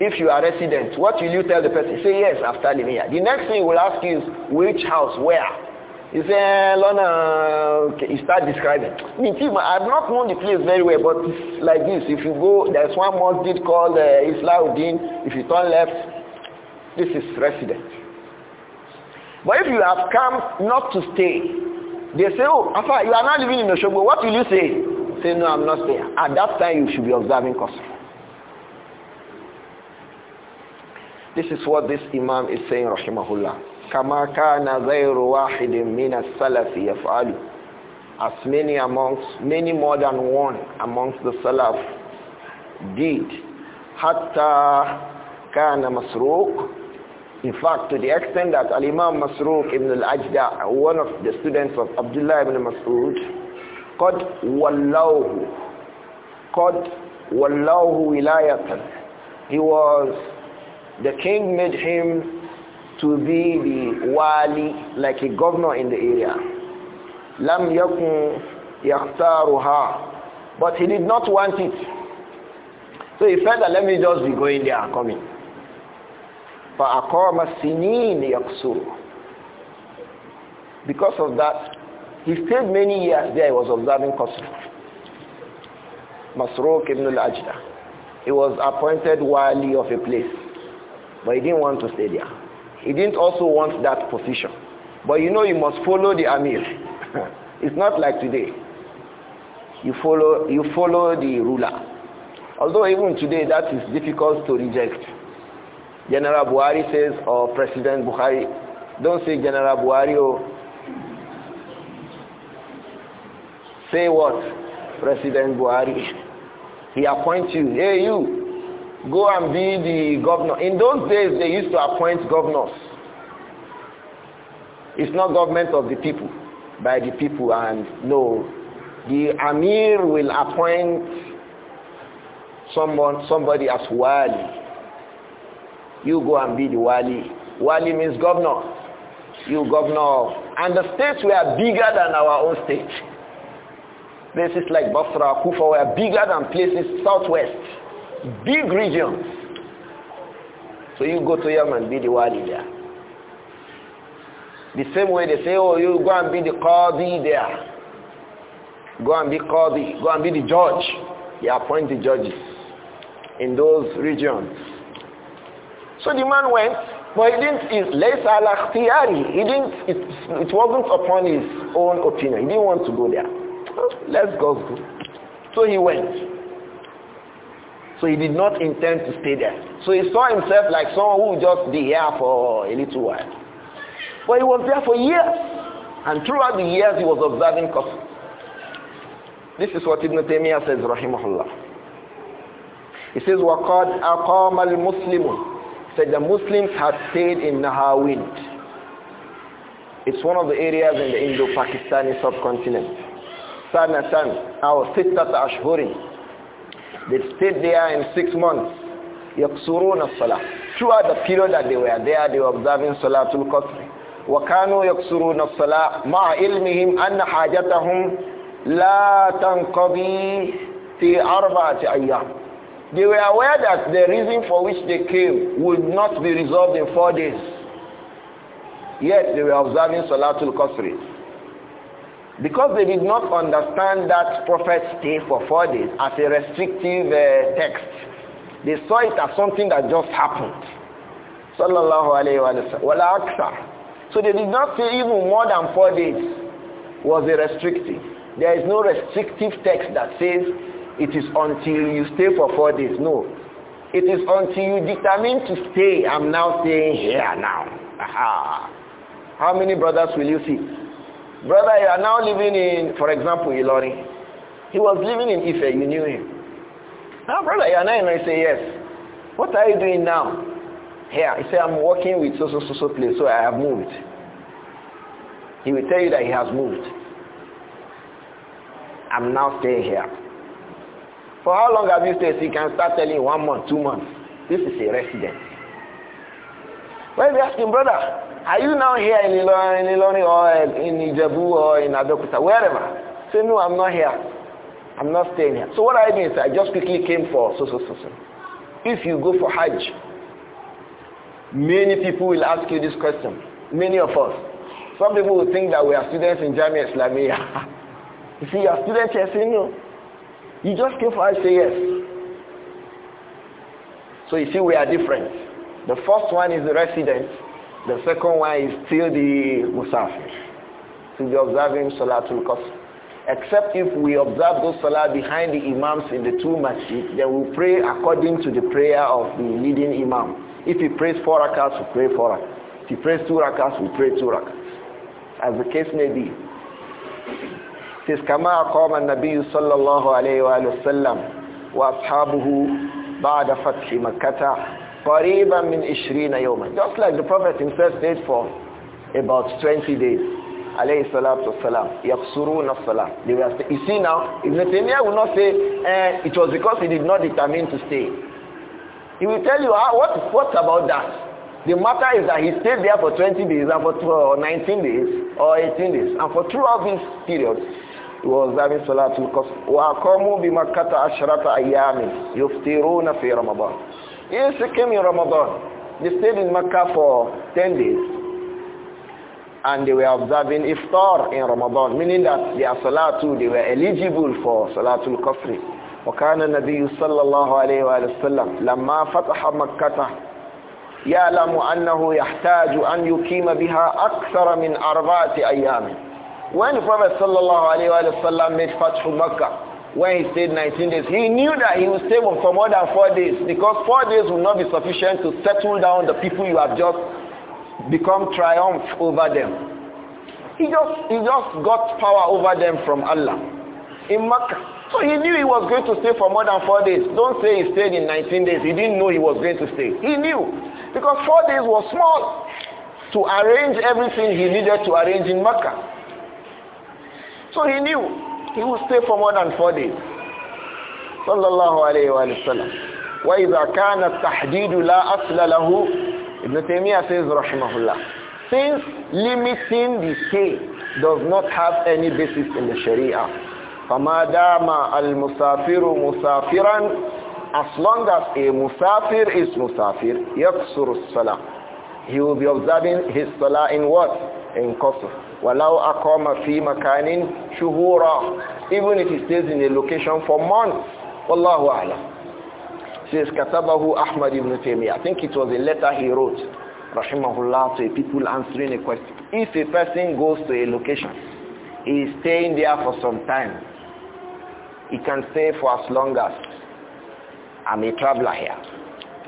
If you are resident, what will you tell the person? Say yes after living here. The next thing we'll ask you is which house, where? He say Lona, okay, he start describing. Me too, I've not known the place very well, but it's like this. If you go, there's one mosque called uh, If you turn left, this is resident. But if you have come not to stay, they say, oh, Afa, you are not living in shogun. What will you say? Say, no, I'm not staying. At that time, you should be observing customs. This is what this Imam is saying, rahimahullah. كَمَا كَانَ غَيْرُ وَاحِدٍ مِنَ السَّلَفِ يَفْعَلُ As many amongst, many more than one amongst the Salaf did. حَتَّى كَانَ مَسْرُوقٍ in fact, to the extent that Al-Imam Masruq ibn al-Ajda, one of the students of Abdullah ibn Mas'ud, قَدْ وَلَّوْهُ قَدْ وَلَّوْهُ وِلَايَةً He was the king made him to be the wali, like a governor in the area. Lam yakun yaktaruha, But he did not want it. So he said, let me just be going there and coming. فَأَقَامَ السِّنِينِ يَقْصُرُ Because of that, he stayed many years there. He was observing custom. Masruq ibn al-Ajda. He was appointed wali of a place. But he didn't want to stay there. He didn't also want that position. But you know you must follow the Amir. it's not like today. You follow, you follow the ruler. Although even today that is difficult to reject. General Buhari says, or President Buhari, don't say General Buhari, Oh, say what? President Buhari. He appoints you, hey you, Go and be the governor. In those days, they used to appoint governors. It's not government of the people, by the people, and no. The Amir will appoint someone, somebody as wali. You go and be the wali. Wali means governor. You governor. And the states were bigger than our own state. Places like Basra, Kufa were bigger than places southwest big regions. So you go to Yemen, be the wali there. The same way they say, oh, you go and be the qadi there. Go and be qadi. Go and be the judge. He appoint the judges in those regions. So the man went, but he didn't, less al He didn't, it, it wasn't upon his own opinion. He didn't want to go there. Let's go. So he went. So he did not intend to stay there. So he saw himself like someone who would just be here for a little while. But he was there for years. And throughout the years he was observing customs. This is what Ibn Taymiyyah says, rahimahullah. He says, وَقَدْ أَقَامَ الْمُسْلِمُونَ said the Muslims had stayed in Nahawind. It's one of the areas in the Indo-Pakistani subcontinent. سَنَةً أَوْ سِتَّةَ أَشْهُرٍ they stayed there in six months. يقصرون الصلاة. Throughout the period that they were there, they were observing Salatul Qasr. وكانوا يقصرون الصلاة مع علمهم أن حاجتهم لا تنقضي في أربعة أيام. They were aware that the reason for which they came would not be resolved in four days. Yet they were observing Salatul Qasr. Because they did not understand that prophet stay for four days as a restrictive uh, text. They saw it as something that just happened. Sallallahu alayhi wa sallam. So they did not say even more than four days was a restrictive. There is no restrictive text that says it is until you stay for four days. No. It is until you determine to stay. I'm now staying here now. Aha. How many brothers will you see? Brother, you are now living in, for example, Ilori. He was living in Ife, you knew him. Now, brother, you are now in I say, yes. What are you doing now? Here, he said, I'm working with so, so, so, so place, so I have moved. He will tell you that he has moved. I'm now staying here. For how long have you stayed? So you can start telling you one month, two months. This is a resident. Why are you asking, brother? Are you now here in Iloni or in Ijabu or in Abeokuta, wherever? Say, no, I'm not here. I'm not staying here. So what I mean is I just quickly came for so, so, so, so. If you go for Hajj, many people will ask you this question. Many of us. Some people will think that we are students in Jamia Islamia. you see, are students here saying no. You just came for Hajj, say yes. So you see, we are different. The first one is the resident. The second one is still the musafir, to be observing Salatul Qasr. Except if we observe those Salah behind the Imams in the two masjid, then we pray according to the prayer of the leading Imam. If he prays four rakats, we pray four rakats. If he prays two rakats, we pray two rakats. As the case may be. It says, كما قام النبي صلى الله عليه وآله وسلم وأصحابه بعد فتح مكة قَرِيبًا مِنْ يَوْمًا Just like the Prophet himself stayed for about 20 days. Alayhi salatu Salam. يَقْصُرُونَ الصَّلَاةِ They were, you see now, Ibn Taymiyyah will not say, eh, it was because he did not determine to stay. He will tell you, ah, what, what about that? The matter is that he stayed there for 20 days and for 12, or 19 days or 18 days. And for throughout this period, he was having salatul qasr. وَأَقَمُوا بِمَكَّةَ عَشْرَةَ أَيَّامٍ يُفْتِرُونَ فِي رَمَضَانَ Yes, they came in Ramadan. They stayed in Mecca for 10 days. And they were observing iftar in Ramadan, meaning that their salah they were eligible for salatul qasri. وكان النبي صلى الله عليه وآله وسلم لما فتح مكة يعلم أنه يحتاج أن يقيم بها أكثر من أربعة أيام. When Prophet صلى الله عليه وسلم made Fatih Makkah, when he stayed 19 days, he knew that he would stay for more than four days because four days will not be sufficient to settle down the people you have just become triumph over them. He just, he just got power over them from Allah in Makkah. So he knew he was going to stay for more than four days. Don't say he stayed in 19 days. He didn't know he was going to stay. He knew because four days was small to arrange everything he needed to arrange in Makkah. So he knew he will stay for more than four days. Sallallahu alayhi wa sallam. وَإِذَا كَانَ التَّحْدِيدُ لَا أَصْلَ لَهُ Ibn Taymiyyah says, rahimahullah, since limiting the stay does not have any basis in the Sharia, فَمَا دَامَ الْمُسَافِرُ مُسَافِرًا As long as a musafir is musafir, يَقْصُرُ الصَّلَاةِ He will be observing his salah in what? In qasr walau aqama fi makanin shuhura even if he stays in a location for months wallahu a'lam says katabahu ahmad ibn taymiyyah i think it was a letter he wrote rahimahullah to people answering a question if a person goes to a location he is staying there for some time he can stay for as long as i'm a traveler here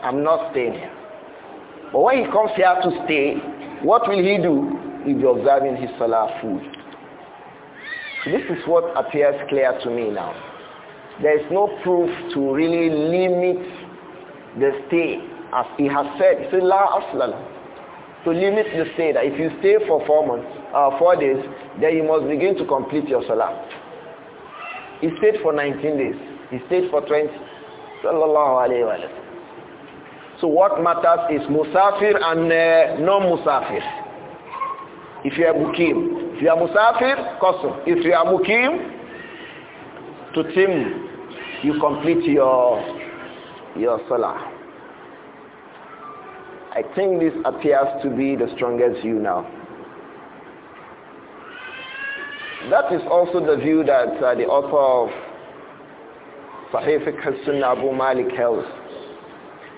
i'm not staying here but when he comes here to stay what will he do if you're observing his salah food. This is what appears clear to me now. There is no proof to really limit the stay as he has said. He said, La aslala. To limit the stay that if you stay for four months, uh, four days, then you must begin to complete your salah. He stayed for 19 days. He stayed for 20. Sallallahu alayhi wa So what matters is musafir and uh, non-musafir if you are mukim if you are musafir qasr if you are mukim to tim you complete your your salah i think this appears to be the strongest view now that is also the view that uh, the author of Sahih al Abu Malik held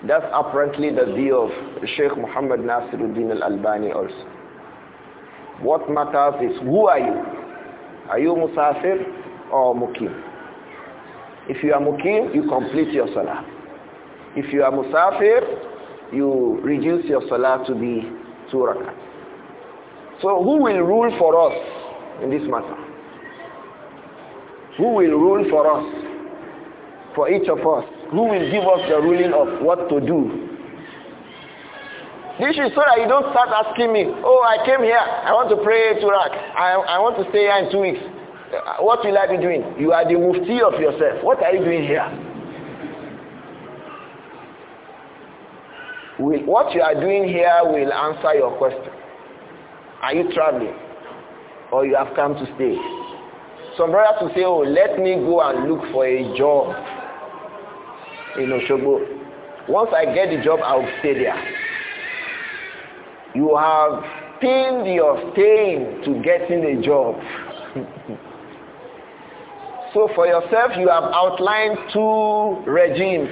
that's apparently the view of Sheikh Muhammad Nasiruddin al-Albani also what matters is who are you? Are you Musafir or Mukim? If you are Mukim, you complete your Salah. If you are Musafir, you reduce your Salah to be two rakat. So who will rule for us in this matter? Who will rule for us? For each of us? Who will give us the ruling of what to do this is so that you don't start asking me, oh, I came here, I want to pray to Rak. I, I want to stay here in two weeks. Uh, what will I be doing? You are the mufti of yourself. What are you doing here? Will, what you are doing here will answer your question. Are you traveling? Or you have come to stay? Some brothers will say, oh, let me go and look for a job in Oshobo. Once I get the job, I will stay there. You have pinned your pain to getting a job. so for yourself, you have outlined two regimes.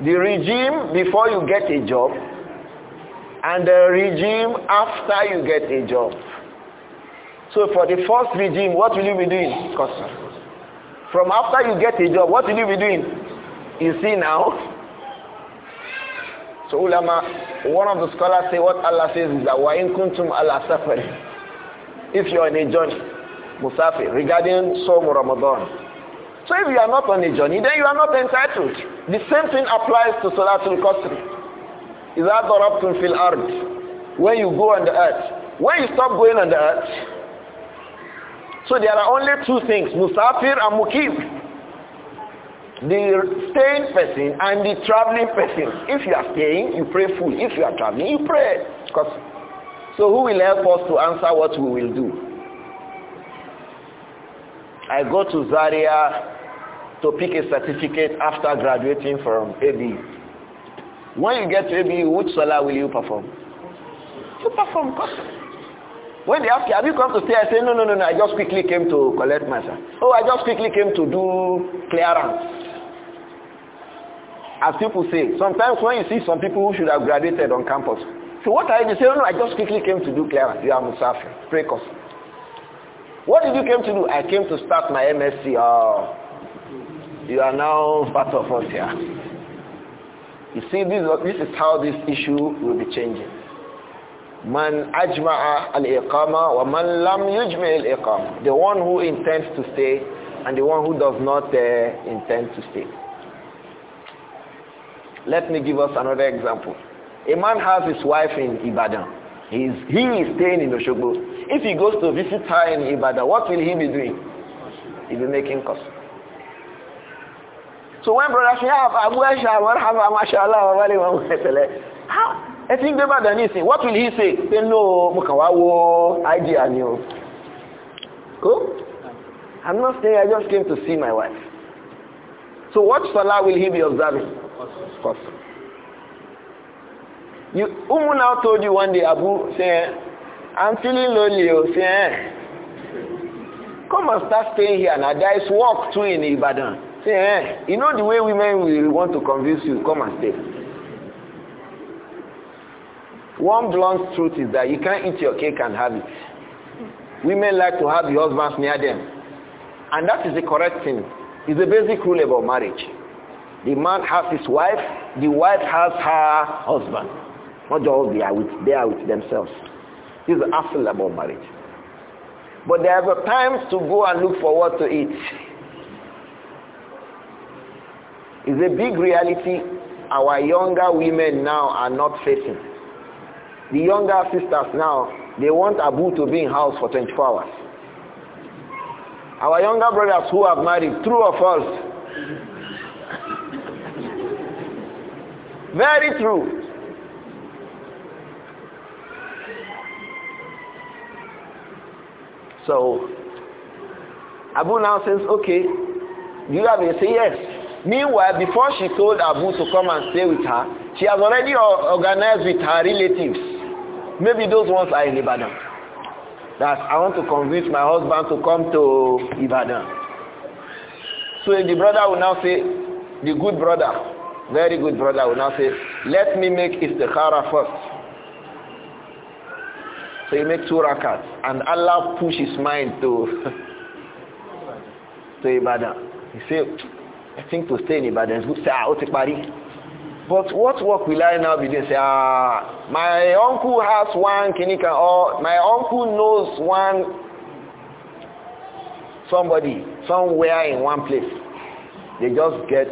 The regime before you get a job and the regime after you get a job. So for the first regime, what will you be doing? Custom. From after you get a job, what will you be doing? You see now, so ulama, one of the scholars say what Allah says is that وَإِن كُنْتُمْ عَلَى سَفَرٍ If you are on a journey, musafir, regarding Som Ramadan. So if you are not on a journey, then you are not entitled. The same thing applies to Salatul Qasr. to ضَرَبْتُمْ فِي الْأَرْضِ When you go on the earth. When you stop going on the earth. So there are only two things, musafir and mukib the staying person and the traveling person. If you are staying, you pray full. If you are traveling, you pray. Because so who will help us to answer what we will do? I go to Zaria to pick a certificate after graduating from AB. When you get to AB, which salah will you perform? You perform When they ask you, have you come to stay? I say, no, no, no, no, I just quickly came to collect myself. Oh, I just quickly came to do clearance. As people say, sometimes when you see some people who should have graduated on campus, so what are you? They oh, no, I just quickly came to do clearance. You are Musafir. Pray cause. What did you came to do? I came to start my MSc. Oh, you are now part of us here. You see, this, this is how this issue will be changing. Man ajma'a al-iqama wa man lam yujma' al-iqama. The one who intends to stay and the one who does not uh, intend to stay. Let me give us another example. A man has his wife in Ibadan. is he is staying in Oshogbo. If he goes to visit her in Ibadan, what will he be doing? He'll be making cost. So when brother say, ah, Abu Aisha, Marhaba, Mashallah, how? I think better than anything. What will he say? Say, no, Mukawawo, ID and Cool? I'm not saying I just came to see my wife. So what salah will he be observing? Qasr. You, who now told you one day, Abu, say, I'm feeling lonely, you oh, say, eh, Come and start staying here now. There is work too in Ibadan. Say, eh, You know the way women will want to convince you, come and stay. One blunt truth is that you can't eat your cake and have it. Women like to have the husbands near them. And that is the correct thing. It's a basic rule about marriage. The man has his wife, the wife has her husband. Not just they are with, they are with themselves. This is fallible about marriage. But there are times to go and look for what to eat. It's a big reality our younger women now are not facing. The younger sisters now, they want Abu to be in house for 24 hours. Our younger brothers who have married, two of us, Very true. So Abu now says, okay, do you have a say? Yes. Meanwhile, before she told Abu to come and stay with her, she has already organized with her relatives. Maybe those ones are in Ibadan. That I want to convince my husband to come to Ibadan. So the brother will now say, the good brother very good brother will now say, let me make istikhara first. So you make two rakats and Allah push his mind to to ibadah. He say, I think to stay in ibadah is good. Say, ah, But what work will I now be doing? Say, ah, my uncle has one clinic or my uncle knows one somebody somewhere in one place. They just get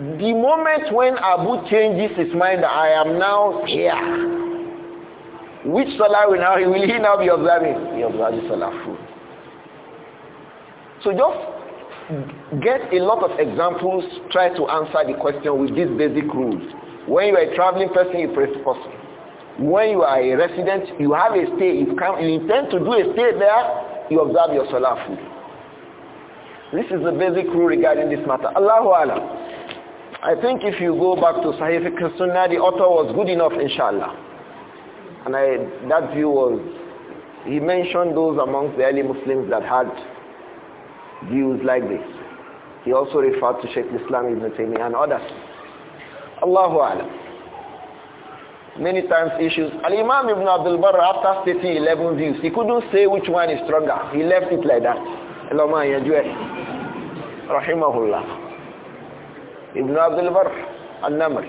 the moment when Abu changes his mind, I am now here. Which salah will, now, will he now be observing? He observes salah food. So just get a lot of examples, try to answer the question with these basic rules. When you are a traveling person, you pray for person. When you are a resident, you have a stay. If you intend to do a stay there, you observe your salah food. This is the basic rule regarding this matter. Allahu Alam. I think if you go back to Sahih al Sunnah, the author was good enough, inshallah. And I, that view was, he mentioned those amongst the early Muslims that had views like this. He also referred to Sheikh Islam Ibn Taymiyyah and others. Allahu Alam. Many times issues. Al-Imam Ibn Abdul Barr, after stating 11 views, he couldn't say which one is stronger. He left it like that. Rahimahullah. Ibn Abdul Barr al-Namr,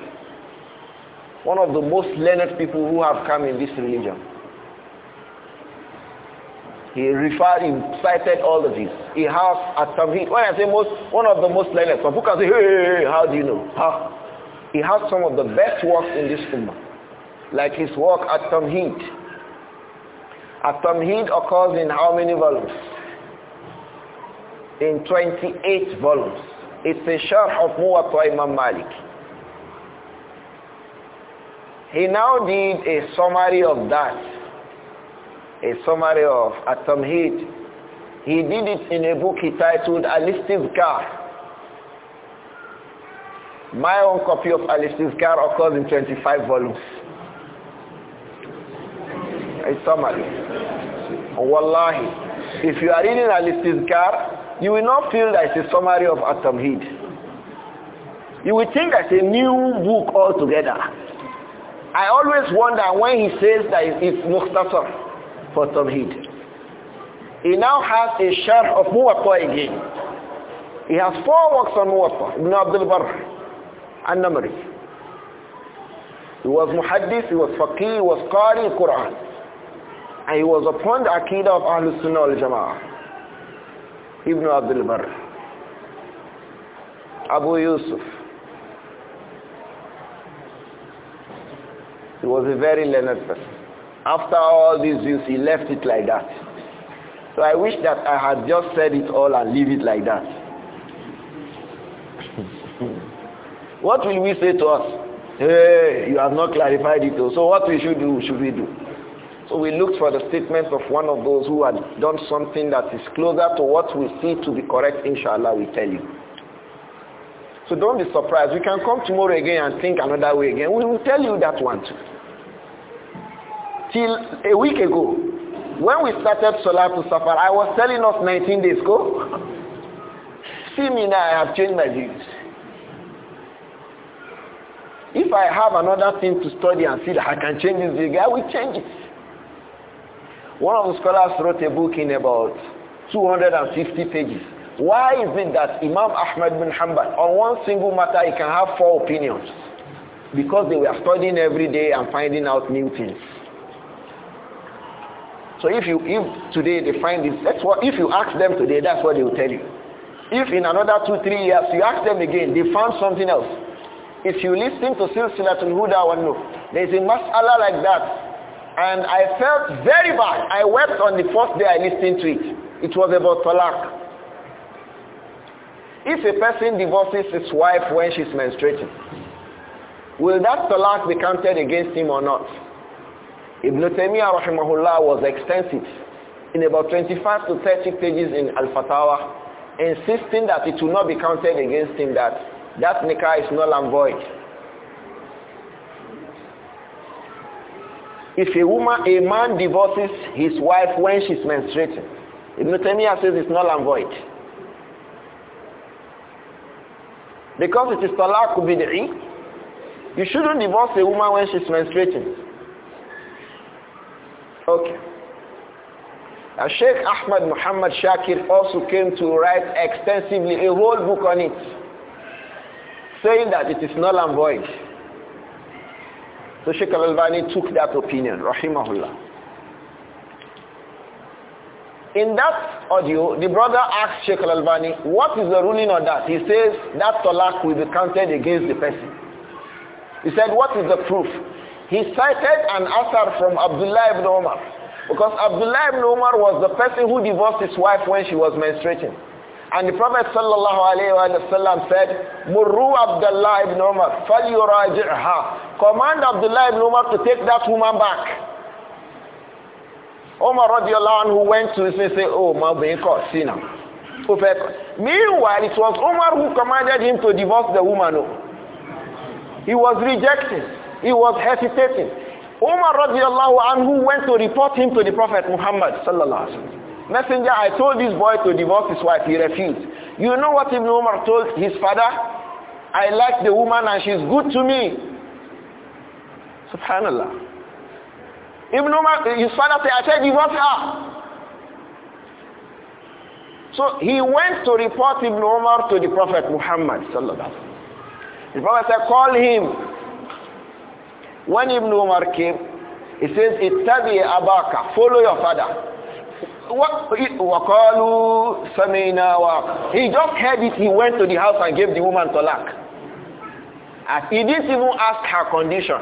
one of the most learned people who have come in this religion. He referred, he cited all of these. He has a Tawheed. When I say most, one of the most learned, some people can say, hey, how do you know? Huh? He has some of the best works in this Ummah, like his work at heat. At heat occurs in how many volumes? In 28 volumes. It's a sharh of Muwatta Imam Malik. He now did a summary of that. A summary of At-Tamhid. He did it in a book he titled Al-Istizkar. My own copy of Al-Istizkar occurs in 25 volumes. A summary. Wallahi. If you are reading Al-Istizkar, you will not feel that it's a summary of At-Tamhid. You will think that's a new book altogether. I always wonder when he says that it's Mukhtasar for Tamhid. He now has a share of Muwatta again. He has four works on Muwatta, Ibn Abdul Barr and Namri. He was Muhaddis, he was Faqih, he was Qari, Quran. And he was upon the Aqidah of Ahlul Sunnah al-Jama'ah. Ibn Abdul Barr, Abu Yusuf. He was a very learned person. After all these years, he left it like that. So I wish that I had just said it all and leave it like that. what will we say to us? Hey, you have not clarified it. Oh. So what we should do, should we do? So we looked for the statement of one of those who had done something that is closer to what we see to be correct, inshallah, we tell you. So don't be surprised. We can come tomorrow again and think another way again. We will tell you that one too. Till a week ago, when we started Salah to Safar, I was telling us 19 days ago, see me now, I have changed my views. If I have another thing to study and see that I can change this view, I will change it. One of the scholars wrote a book in about 250 pages. Why is it that Imam Ahmad bin Hanbal, on one single matter, he can have four opinions? Because they were studying every day and finding out new things. So if you if today they find this, that's what if you ask them today, that's what they will tell you. If in another two, three years you ask them again, they found something else. If you listen to Silsilatul Huda one no, there is a mas'ala like that and I felt very bad. I wept on the first day I listened to it. It was about talak. If a person divorces his wife when she's menstruating, will that talak be counted against him or not? Ibn Taymiyyah rahimahullah was extensive in about 25 to 30 pages in Al-Fatawa, insisting that it will not be counted against him that that nikah is null and void If a woman, a man divorces his wife when she's menstruating, Ibn says it's null and void. Because it is talaq bid'i, you shouldn't divorce a woman when she's menstruating. Okay. Now, Sheikh Ahmad Muhammad Shakir also came to write extensively a whole book on it, saying that it is null and void. So Sheikh Al-Albani took that opinion, rahimahullah. In that audio, the brother asked Sheikh Al-Albani, what is the ruling on that? He says that talak will be counted against the person. He said, what is the proof? He cited an asar from Abdullah ibn Umar. Because Abdullah ibn Umar was the person who divorced his wife when she was menstruating. And the Prophet sallallahu said, Murru Abdullah ibn Umar, falyuraji'ha. Command Abdullah ibn Umar to take that woman back. Umar radiallahu anhu went to him and said, Oh, my being caught, see now. Meanwhile, it was Umar who commanded him to divorce the woman. Oh. He was rejecting. He was hesitating. Umar radiallahu anhu went to report him to the Prophet Muhammad sallallahu Messenger, I told this boy to divorce his wife. He refused. You know what Ibn Umar told his father? I like the woman and she's good to me. Subhanallah. Ibn Umar, his father said, I said divorce her. So he went to report Ibn Umar to the Prophet Muhammad The Prophet said, call him. When Ibn Umar came, he says, Ittabi abaka, follow your father. what, samina wa. He just heard it, he went to the house and gave the woman talak. As he didn't even ask her condition.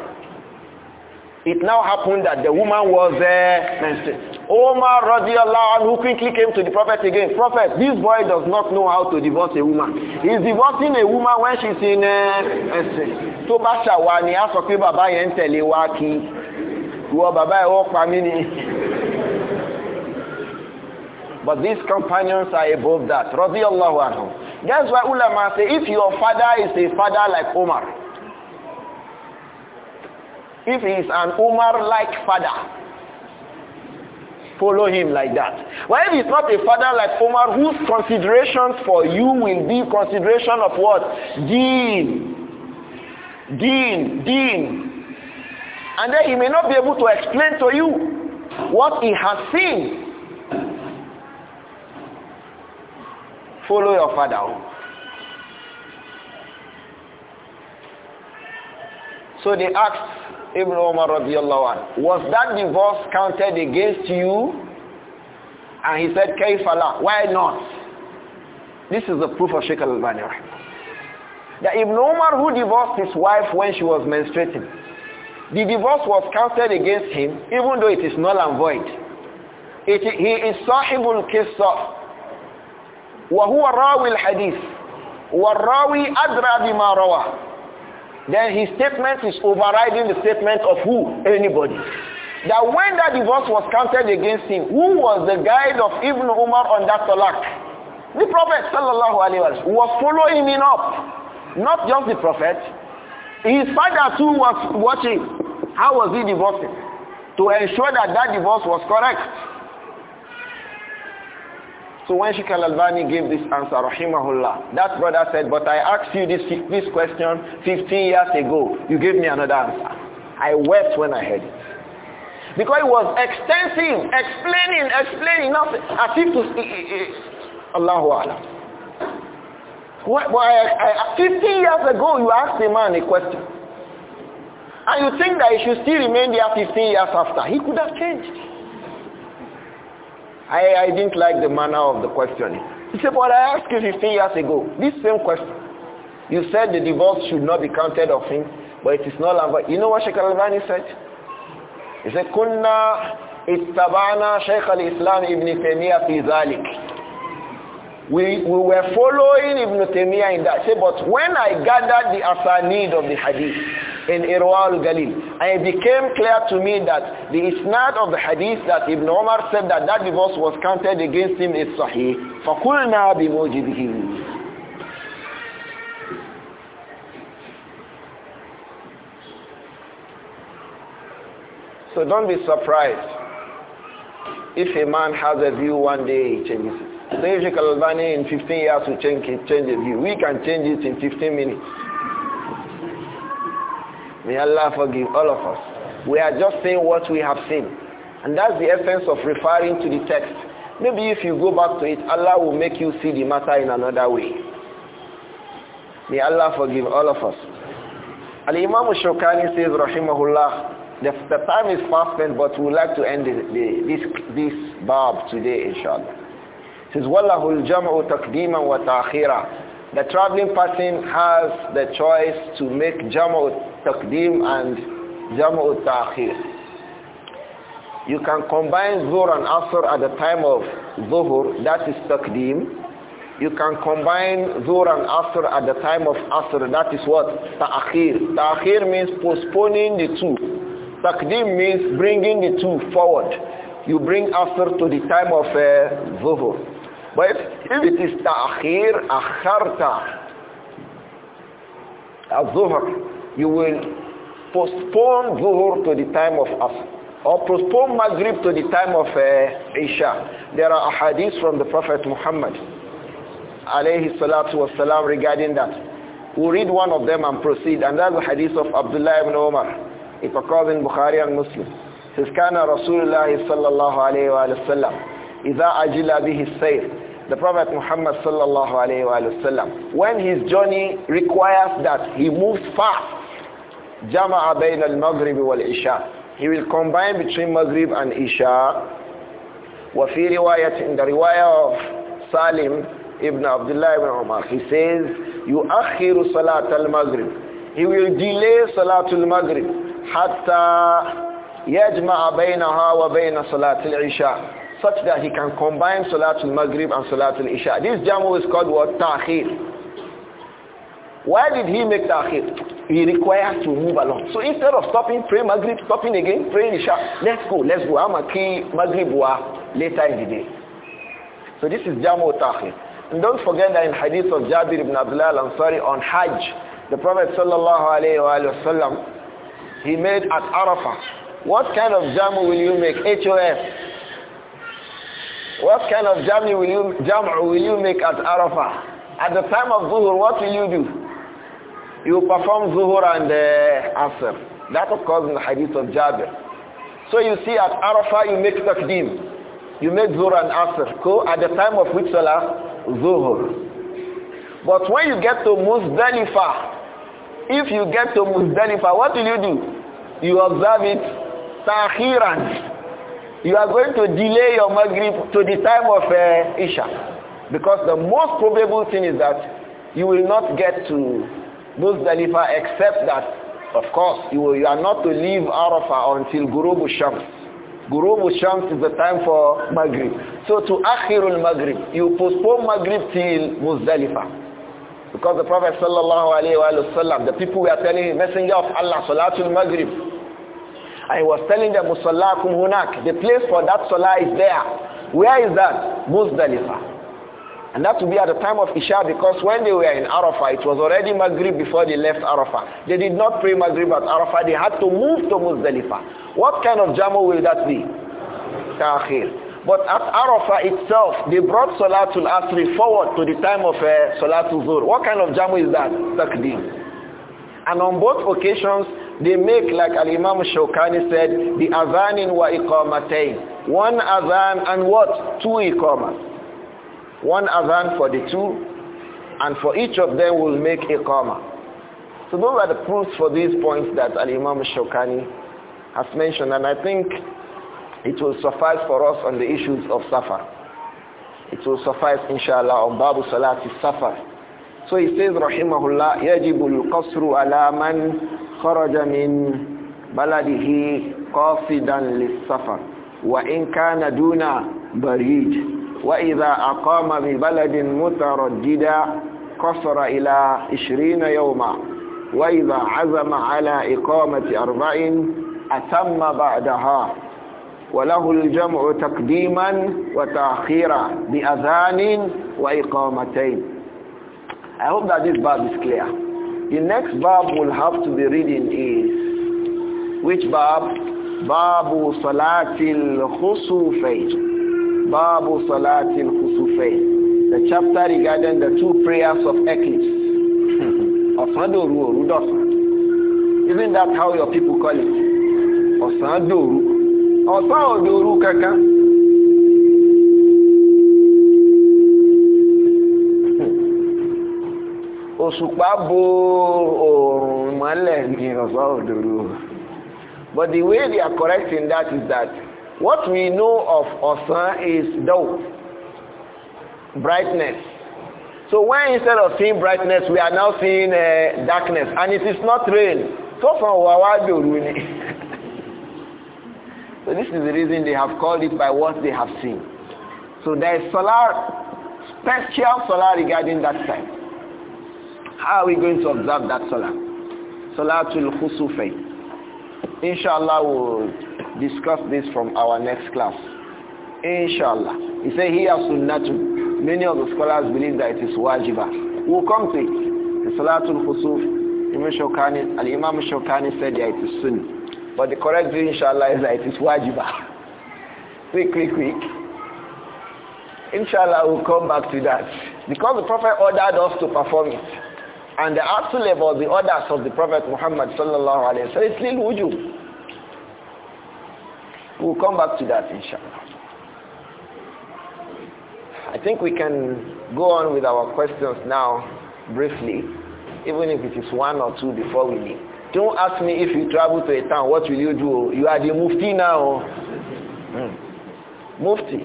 It now happened that the woman was uh, menstruating. Omar radiallahu anhu quickly came to the prophet again. Prophet, this boy does not know how to divorce a woman. He is divorcing a woman when she is in menstruation. Eh, eh, tó bá ṣàwà ni a sọ pé bàbá yẹn ń tẹ̀lé wa kí. Ìwọ bàbá ẹ̀ wọ́n mí ni. But these companions are above that. Radiallahu anhu. That's why ulama say, if your father is a father like Omar, if he is an Omar-like father, follow him like that. Why if he's not a father like Omar, whose considerations for you will be consideration of what? Deen. Deen. Deen. And then he may not be able to explain to you what he has seen Follow your father home. So they asked Ibn Umar radiallahu anh, was that divorce counted against you? And he said, Kaifala, why not? This is the proof of Sheikh al-Albani. That Ibn Umar who divorced his wife when she was menstruating, the divorce was counted against him even though it is null and void. It, he is sahibul Kisa. وهو راوي الحديث والراوي أدرى بما رواه then his statement is overriding the statement of who? Anybody. That when that divorce was counted against him, who was the guide of Ibn Umar on that talak? The Prophet sallallahu alaihi wasallam was following him up. Not just the Prophet. His father too was watching. How was he divorcing? To ensure that that divorce was correct. So when Sheikh Al-Albani gave this answer, rahimahullah, that brother said, but I asked you this, this question 15 years ago. You gave me another answer. I wept when I heard it. Because it was extensive, explaining, explaining, nothing, as if to eh, eh, eh. Allahu why, I, I, 15 years ago, you asked a man a question. And you think that he should still remain there 15 years after. He could have changed. I, I didn't like the manner of the question. He said, but I asked you 15 years ago, this same question. You said the divorce should not be counted of him, but it is no longer. You know what Sheikh Al-Albani said? He said, كنا اتبعنا شيخ الإسلام ابن تيمية في ذلك. We, we were following Ibn Taymiyyah in that. Say, but when I gathered the asanid of the hadith in Irwal Galil, and it became clear to me that the isnad of the hadith that Ibn Omar said that that divorce was counted against him is sahih. فَقُلْنَا بِمُوجِبِهِ So don't be surprised if a man has a view one day he changes it. Say sheik in 15 years to change, change the view. We can change it in 15 minutes. May Allah forgive all of us. We are just saying what we have seen. And that's the essence of referring to the text. Maybe if you go back to it, Allah will make you see the matter in another way. May Allah forgive all of us. Al-Imam Shokani says, Rahimahullah, the, time is fast but we would like to end this, this bab today, inshallah says, وَلَهُ الْجَمْعُ wa وَتَأْخِيرًا The traveling person has the choice to make jam'u taqdim and jam'u ta'khir. You can combine zuhr and asr at the time of zuhr, that is taqdim. You can combine zuhr and asr at the time of asr, that is what? Ta'khir. Ta'khir means postponing the two. Taqdim means bringing the two forward. You bring asr to the time of uh, But if, if it is akharta, you will postpone ظهر to the time of asr or postpone Maghrib to the time of uh, Isha. There are hadiths from the Prophet Muhammad alayhi salatu wasalam regarding that. We'll read one of them and proceed. And that's the hadith of Abdullah ibn Umar. It occurs in Bukhari and Muslim. says, كان رسول الله صلى الله عليه وسلم إذا أجل به السير the Prophet Muhammad sallallahu alayhi wasallam, when his journey requires that he moves fast, al maghrib wal isha, he will combine between Maghrib and Isha وفي رواية in the رواية of Salim ibn Abdullah ibn Umar he says يؤخر صلاة المغرب he will delay صلاة المغرب حتى يجمع بينها وبين صلاة العشاء such that he can combine Salatul Maghrib and Salatul Isha. This jamu is called what? Ta'khir. Why did he make ta'khir? He requires to move along. So instead of stopping, pray Maghrib, stopping again, pray Isha. Let's go, let's go. I'm a key Maghrib wa later in the day. So this is jamu ta'khir. And don't forget that in hadith of Jabir ibn Abdullah al-Ansari on Hajj, the Prophet sallallahu alayhi wa sallam, he made at Arafah. What kind of jamu will you make? HOS. What kind of jam'i will you, jam'u will you make at Arafah? At the time of Zuhur, what will you do? You perform Zuhur and uh, Asr. That of course in the hadith of Jabir. So you see at Arafah you make takdim. You make Zuhur and Asr. Go at the time of which Salah? Zuhur. But when you get to Muzdalifah, if you get to Muzdalifah, what will you do? You observe it takhiran you are going to delay your Maghrib to the time of uh, Isha. Because the most probable thing is that you will not get to Muzdalifah except that, of course, you, will, you are not to leave Arafah until Gurub Shams. Shams is the time for Maghrib. So to Akhirul Maghrib, you postpone Maghrib till Muzdalifah. Because the Prophet sallallahu alaihi wa sallam, the people were telling him, Messenger of Allah, Salatul Maghrib, I was telling them musallakum hunak the place for that salah is there where is that muzdalifa and that will be at the time of Isha because when they were in Arafah, it was already Maghrib before they left Arafah. They did not pray Maghrib at Arafah, they had to move to muzdalifa What kind of jamu will that be? Ta'khir. But at Arafah itself, they brought Salatul Asri forward to the time of uh, Salatul Zuhr. What kind of jamu is that? Takdim. And on both occasions, they make like Al-Imam Shawkani said, the in wa iqamatain. One adhan and what? Two iqamah. One adhan for the two and for each of them will make iqamah. So those are the proofs for these points that Al-Imam Shawkani has mentioned and I think it will suffice for us on the issues of Safar. It will suffice inshallah on Babu Salati Safar. So he says, Rahimahullah, يجب qasru ala man خرج من بلده قاصدا للسفر وإن كان دون بريج وإذا أقام ببلد مترددا قصر إلى عشرين يوما وإذا عزم على إقامة أربع أتم بعدها وله الجمع تقديما وتأخيرا بأذان وإقامتين I hope that this verse is clear. The next bab will have to be reading is which bab? Babu Salatil Khusufayn. Babu Salatil Khusufayn. The chapter regarding the two prayers of eclipse. Osandoru Orudosan. Isn't that how your people call it? Osandoru. Osanodoru Kaka. òṣùpá bo oòrùn mọ́lẹ̀ ní òdòdó but the way they are correcting that is that what we know of ọ̀sán is daw brightness so when instead of seeing brightness we are now seeing uh, darkness and it is not rain so from wawa ni so this is the reason they have called it by what they have seen so there is solar special solar regarding that time how are we going to observe that salah? Salatul Khusufay. Inshallah, we'll discuss this from our next class. Inshallah. He said here sunnatun. Many of the scholars believe that it is wajiba. We'll come to it. The Salatul Khusuf, Imam Shawkani, Al-Imam said that it is sunnah. But the correct view, inshallah, is that it is wajiba. Quick, quick, quick. Inshallah, we'll come back to that. Because the Prophet ordered us to perform it. And the absolute level, the orders of the Prophet Muhammad sallallahu alayhi wa sallam is wujub. We'll come back to that inshallah. I think we can go on with our questions now briefly, even if it is one or two before we leave. Don't ask me if you travel to a town, what will you do? You are the mufti now. Mm. Mufti.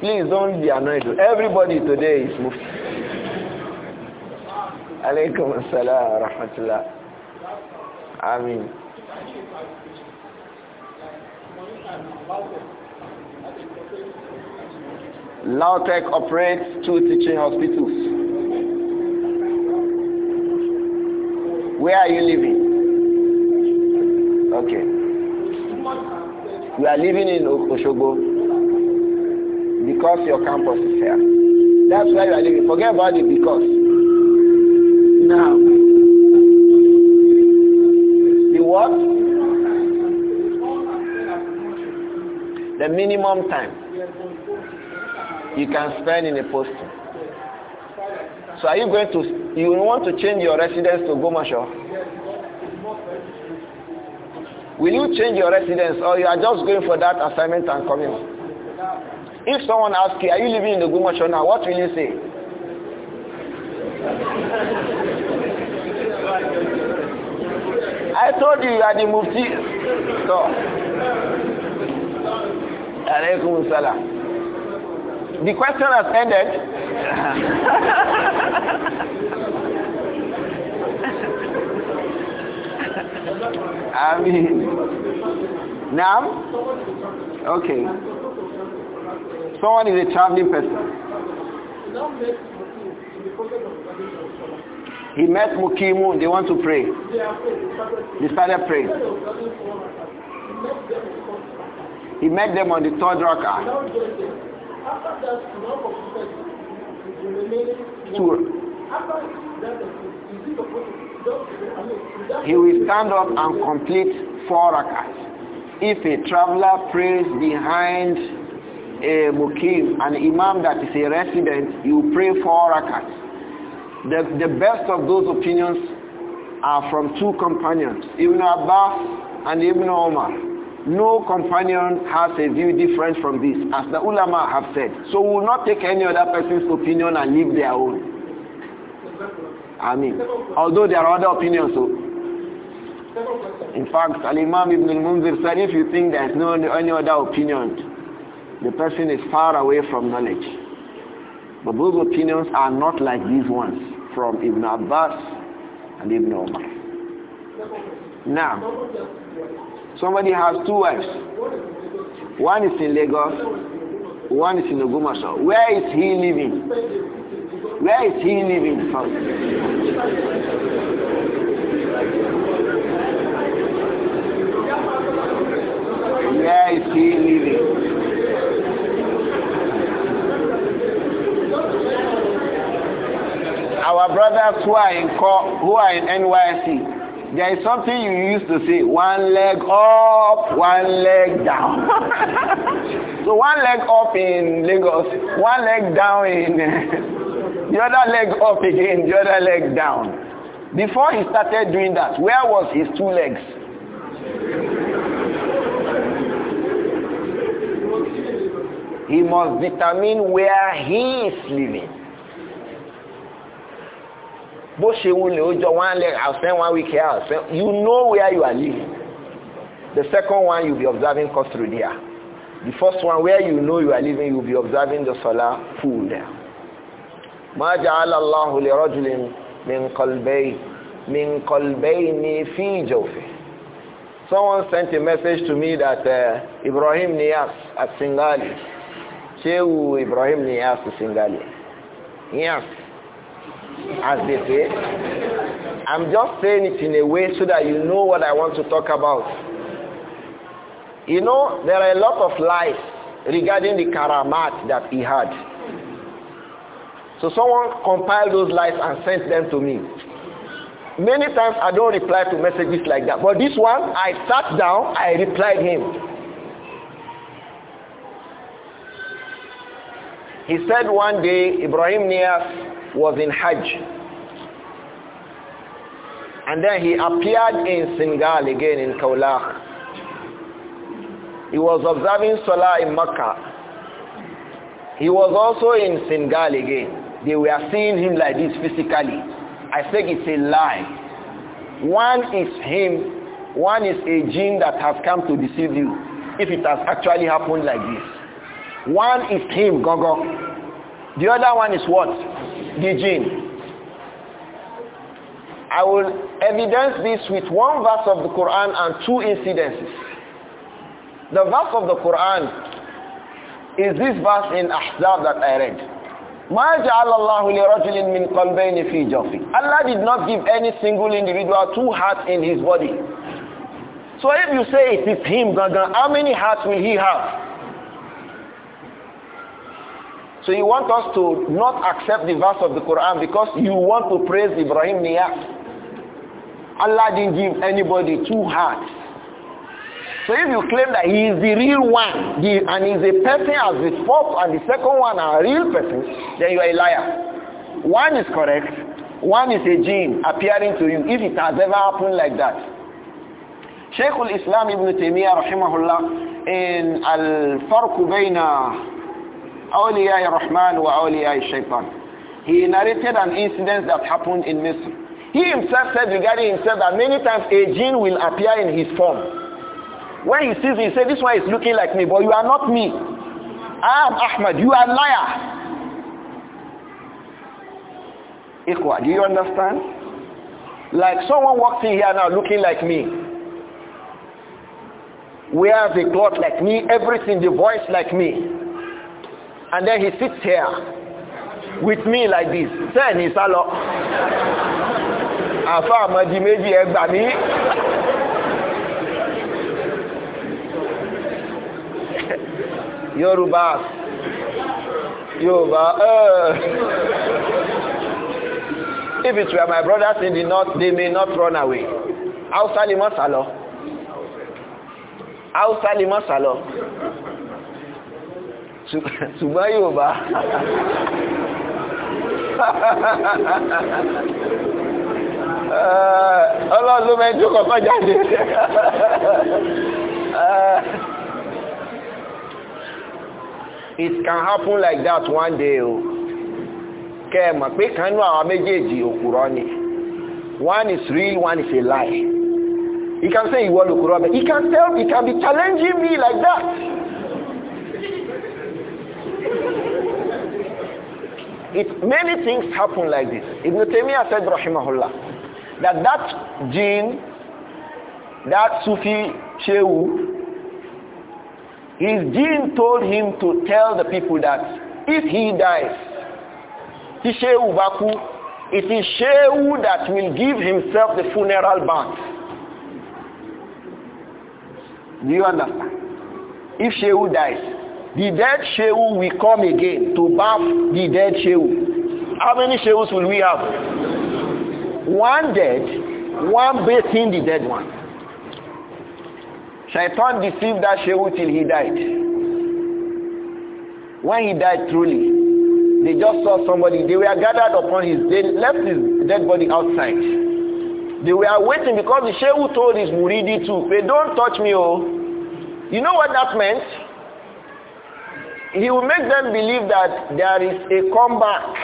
Please don't be annoyed. Everybody today is mufti. Alaykum as wa rahmatullah. Amin. Lautech operates two teaching hospitals. Where are you living? Okay. You are living in Oshogo because your campus is here. That's why you are living. Forget about it because now. The what? The minimum time you can spend in a posting. So are you going to, you want to change your residence to Gomasho? Will you change your residence or you are just going for that assignment and coming? If someone asks you, are you living in the Gomashaw now, what will you say? I told you you are the Mufti. So, Alaykum Salam. The question has ended. I mean, now? Okay. Someone is a traveling person. He met Mukimu. they want to pray. They started praying. He met them on the third rakah. He will stand up and complete four rakahs. If a traveler prays behind a eh, mukim, an imam that is a resident, you pray four rakahs. The, the best of those opinions are from two companions, Ibn Abbas and Ibn Omar. No companion has a view different from this, as the ulama have said. So we will not take any other person's opinion and leave their own. I mean, although there are other opinions. So. In fact, Al-Imam Ibn al-Munzir said, if you think there is no any other opinion, the person is far away from knowledge. But those opinions are not like these ones from Ibn Abbas and Ibn Omar. Now, somebody has two wives. One is in Lagos, one is in Ogumashore. Where is he living? Where is he living from? Where is he our brothers who are in who are in NYC, there is something you used to say, one leg up, one leg down. so one leg up in Lagos, one leg down in the other leg up again, the other leg down. Before he started doing that, where was his two legs? He must determine where he is living bó ṣe wulè ó jọ one leg i'll spend one week here i spend you know where you are living the second one you be observing kosru there the first one where you know you are living you be observing the solar full there ما جعل الله min من min من ni fi جوفه someone sent a message to me that uh, Ibrahim Nias at Singali Shehu Ibrahim Nias at Singali Nias as they say. I'm just saying it in a way so that you know what I want to talk about. You know, there are a lot of lies regarding the karamat that he had. So someone compiled those lies and sent them to me. Many times I don't reply to messages like that. But this one, I sat down, I replied him. He said one day, Ibrahim Nias was in Hajj. And then he appeared in Senegal again in Kaulach. He was observing Salah in Mecca. He was also in Senegal again. They were seeing him like this physically. I think it's a lie. One is him one is a jinn that has come to deceive you if it has actually happened like this. One is him, Gogo. The other one is what? the I will evidence this with one verse of the Quran and two incidences. The verse of the Quran is this verse in Ahzab that I read. مَا جَعَلَ اللَّهُ لِرَجُلٍ مِّن قَلْبَيْنِ فِي جَوْفِ Allah did not give any single individual two hearts in his body. So if you say it is him, how many hearts will he have? So you want us to not accept the verse of the Quran because you want to praise Ibrahim Niyas. Allah didn't give anybody two hearts. So if you claim that he is the real one, and he's is a person as the fourth and the second one are real persons, then you are a liar. One is correct, one is a gene appearing to you, if it has ever happened like that. Shaykh al-Islam ibn Taymiyyah rahimahullah in Al-Farq Bayna awliya rahman wa He narrated an incident that happened in Misr. He himself said regarding himself that many times a jinn will appear in his form. When he sees me, he said, this one is looking like me, but you are not me. I am Ahmad, you are liar. Ikhwa, do you understand? Like someone walks in here now looking like me. wear the cloth like me, everything, the voice like me. and then he sits here with me like this ten ní sálọ àfa àmọdì méjì ẹ gbà mí. yorùbá yorùbá uh, if it were my brothers in the north they may not run away hausa ni wọn sálọ hausa ni wọn ṣùgbọ́n Yorùbá eh, ọlọ́run ló mẹ́jọ kọ̀ọ̀kan jáde eh, it can happen like that one day o kẹ́ ẹ mọ̀ pé kan nú àwọn méjèèjì òkúrọ́ ni one is real one is a lie he can say he ìwọ lòkúrọ́ bẹ́ẹ̀ he can tell he can be challenging me like that. It, many things happen like this. Ibn Taymiyyah said, Rahimahullah, that that jinn, that Sufi Shehu, his jinn told him to tell the people that if he dies, he Shehu Baku, it is Shehu that will give himself the funeral bath. Do you understand? If Shehu dies, the dead Shehu will come again to bath the dead Shehu. How many Shehus will we have? One dead, one bathing the dead one. Shaitan deceived that Shehu till he died. When he died truly, they just saw somebody. They were gathered upon his dead, left his dead body outside. They were waiting because the Shehu told his Muridi too, they don't touch me, oh. You know what that meant? he will make them believe that there is a comeback.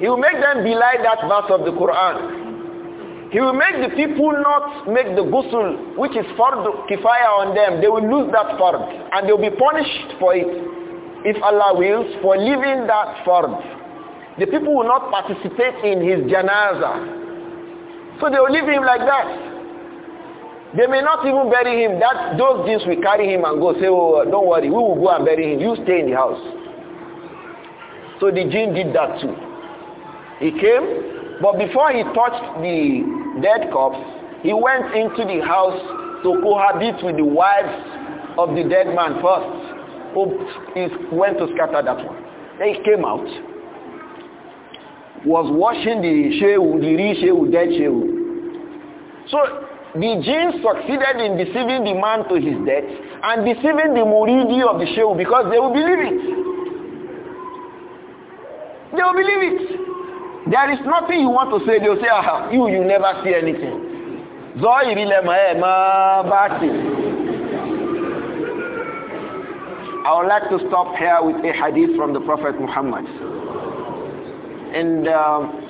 He will make them belie that verse of the Quran. He will make the people not make the ghusl, which is fard kifaya on them. They will lose that fard and they will be punished for it, if Allah wills, for leaving that fard. The people will not participate in his janaza. So they will leave him like that. They may not even bury him. That Those Jews will carry him and go say, oh, don't worry, we will go and bury him. You stay in the house. So the jinn did that too. He came, but before he touched the dead corpse, he went into the house to cohabit with the wives of the dead man first. He went to scatter that one. Then he came out, was washing the shehu, the re shehu, dead shehu. So the jinn succeeded in deceiving the man to his death and deceiving the muridi of the shehu because they will believe it. They will believe it. There is nothing you want to say. They will say, ah, you, you never see anything. Eh, I would like to stop here with a hadith from the Prophet Muhammad. And um,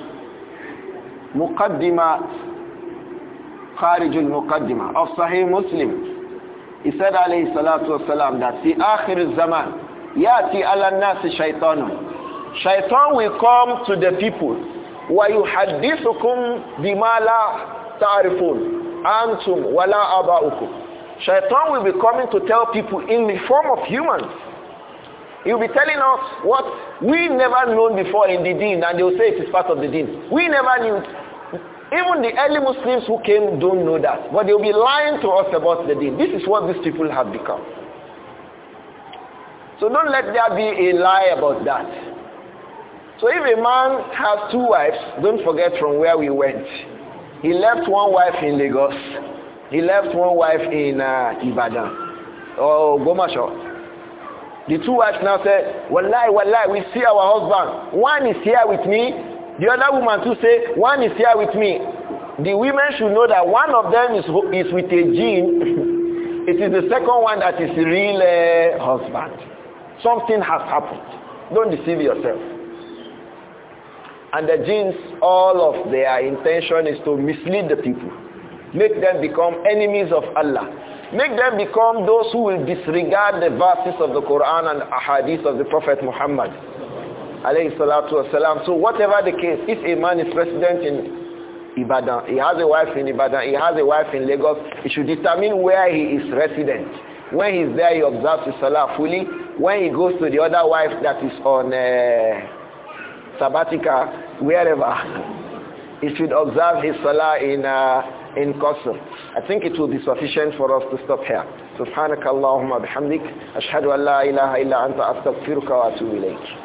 خارج المقدمة of Sahih Muslim he said عليه الصلاة والسلام that في آخر الزمان يأتي على الناس شيطان shaitan will come to the people ويحدثكم بما لا تعرفون antum wala aba'ukum shaitan will be coming to tell people in the form of humans he will be telling us what we never known before in the deen and they will say it is part of the deen we never knew even the early Muslims who came don't know that. But they'll be lying to us about the deen. This is what these people have become. So don't let there be a lie about that. So if a man has two wives, don't forget from where we went. He left one wife in Lagos. He left one wife in uh, Ibadan or oh, Gomasho. The two wives now said, Wallahi, Wallahi, we see our husband. One is here with me, the other woman too say, one is here with me. The women should know that one of them is, is with a gene. it is the second one that is real uh, husband. Something has happened. Don't deceive yourself. And the genes, all of their intention is to mislead the people. Make them become enemies of Allah. Make them become those who will disregard the verses of the Quran and ahadith of the Prophet Muhammad alayhi salatu wasalam. So whatever the case, if a man is resident in Ibadan, he has a wife in Ibadan, he has a wife in Lagos, he should determine where he is resident. When he's there, he observes his salah fully. When he goes to the other wife that is on uh, wherever, he should observe his salah in uh, in Qasr. I think it will be sufficient for us to stop here. سبحانك اللهم بحمدك أشهد أن لا إله إلا أنت أستغفرك وأتوب إليك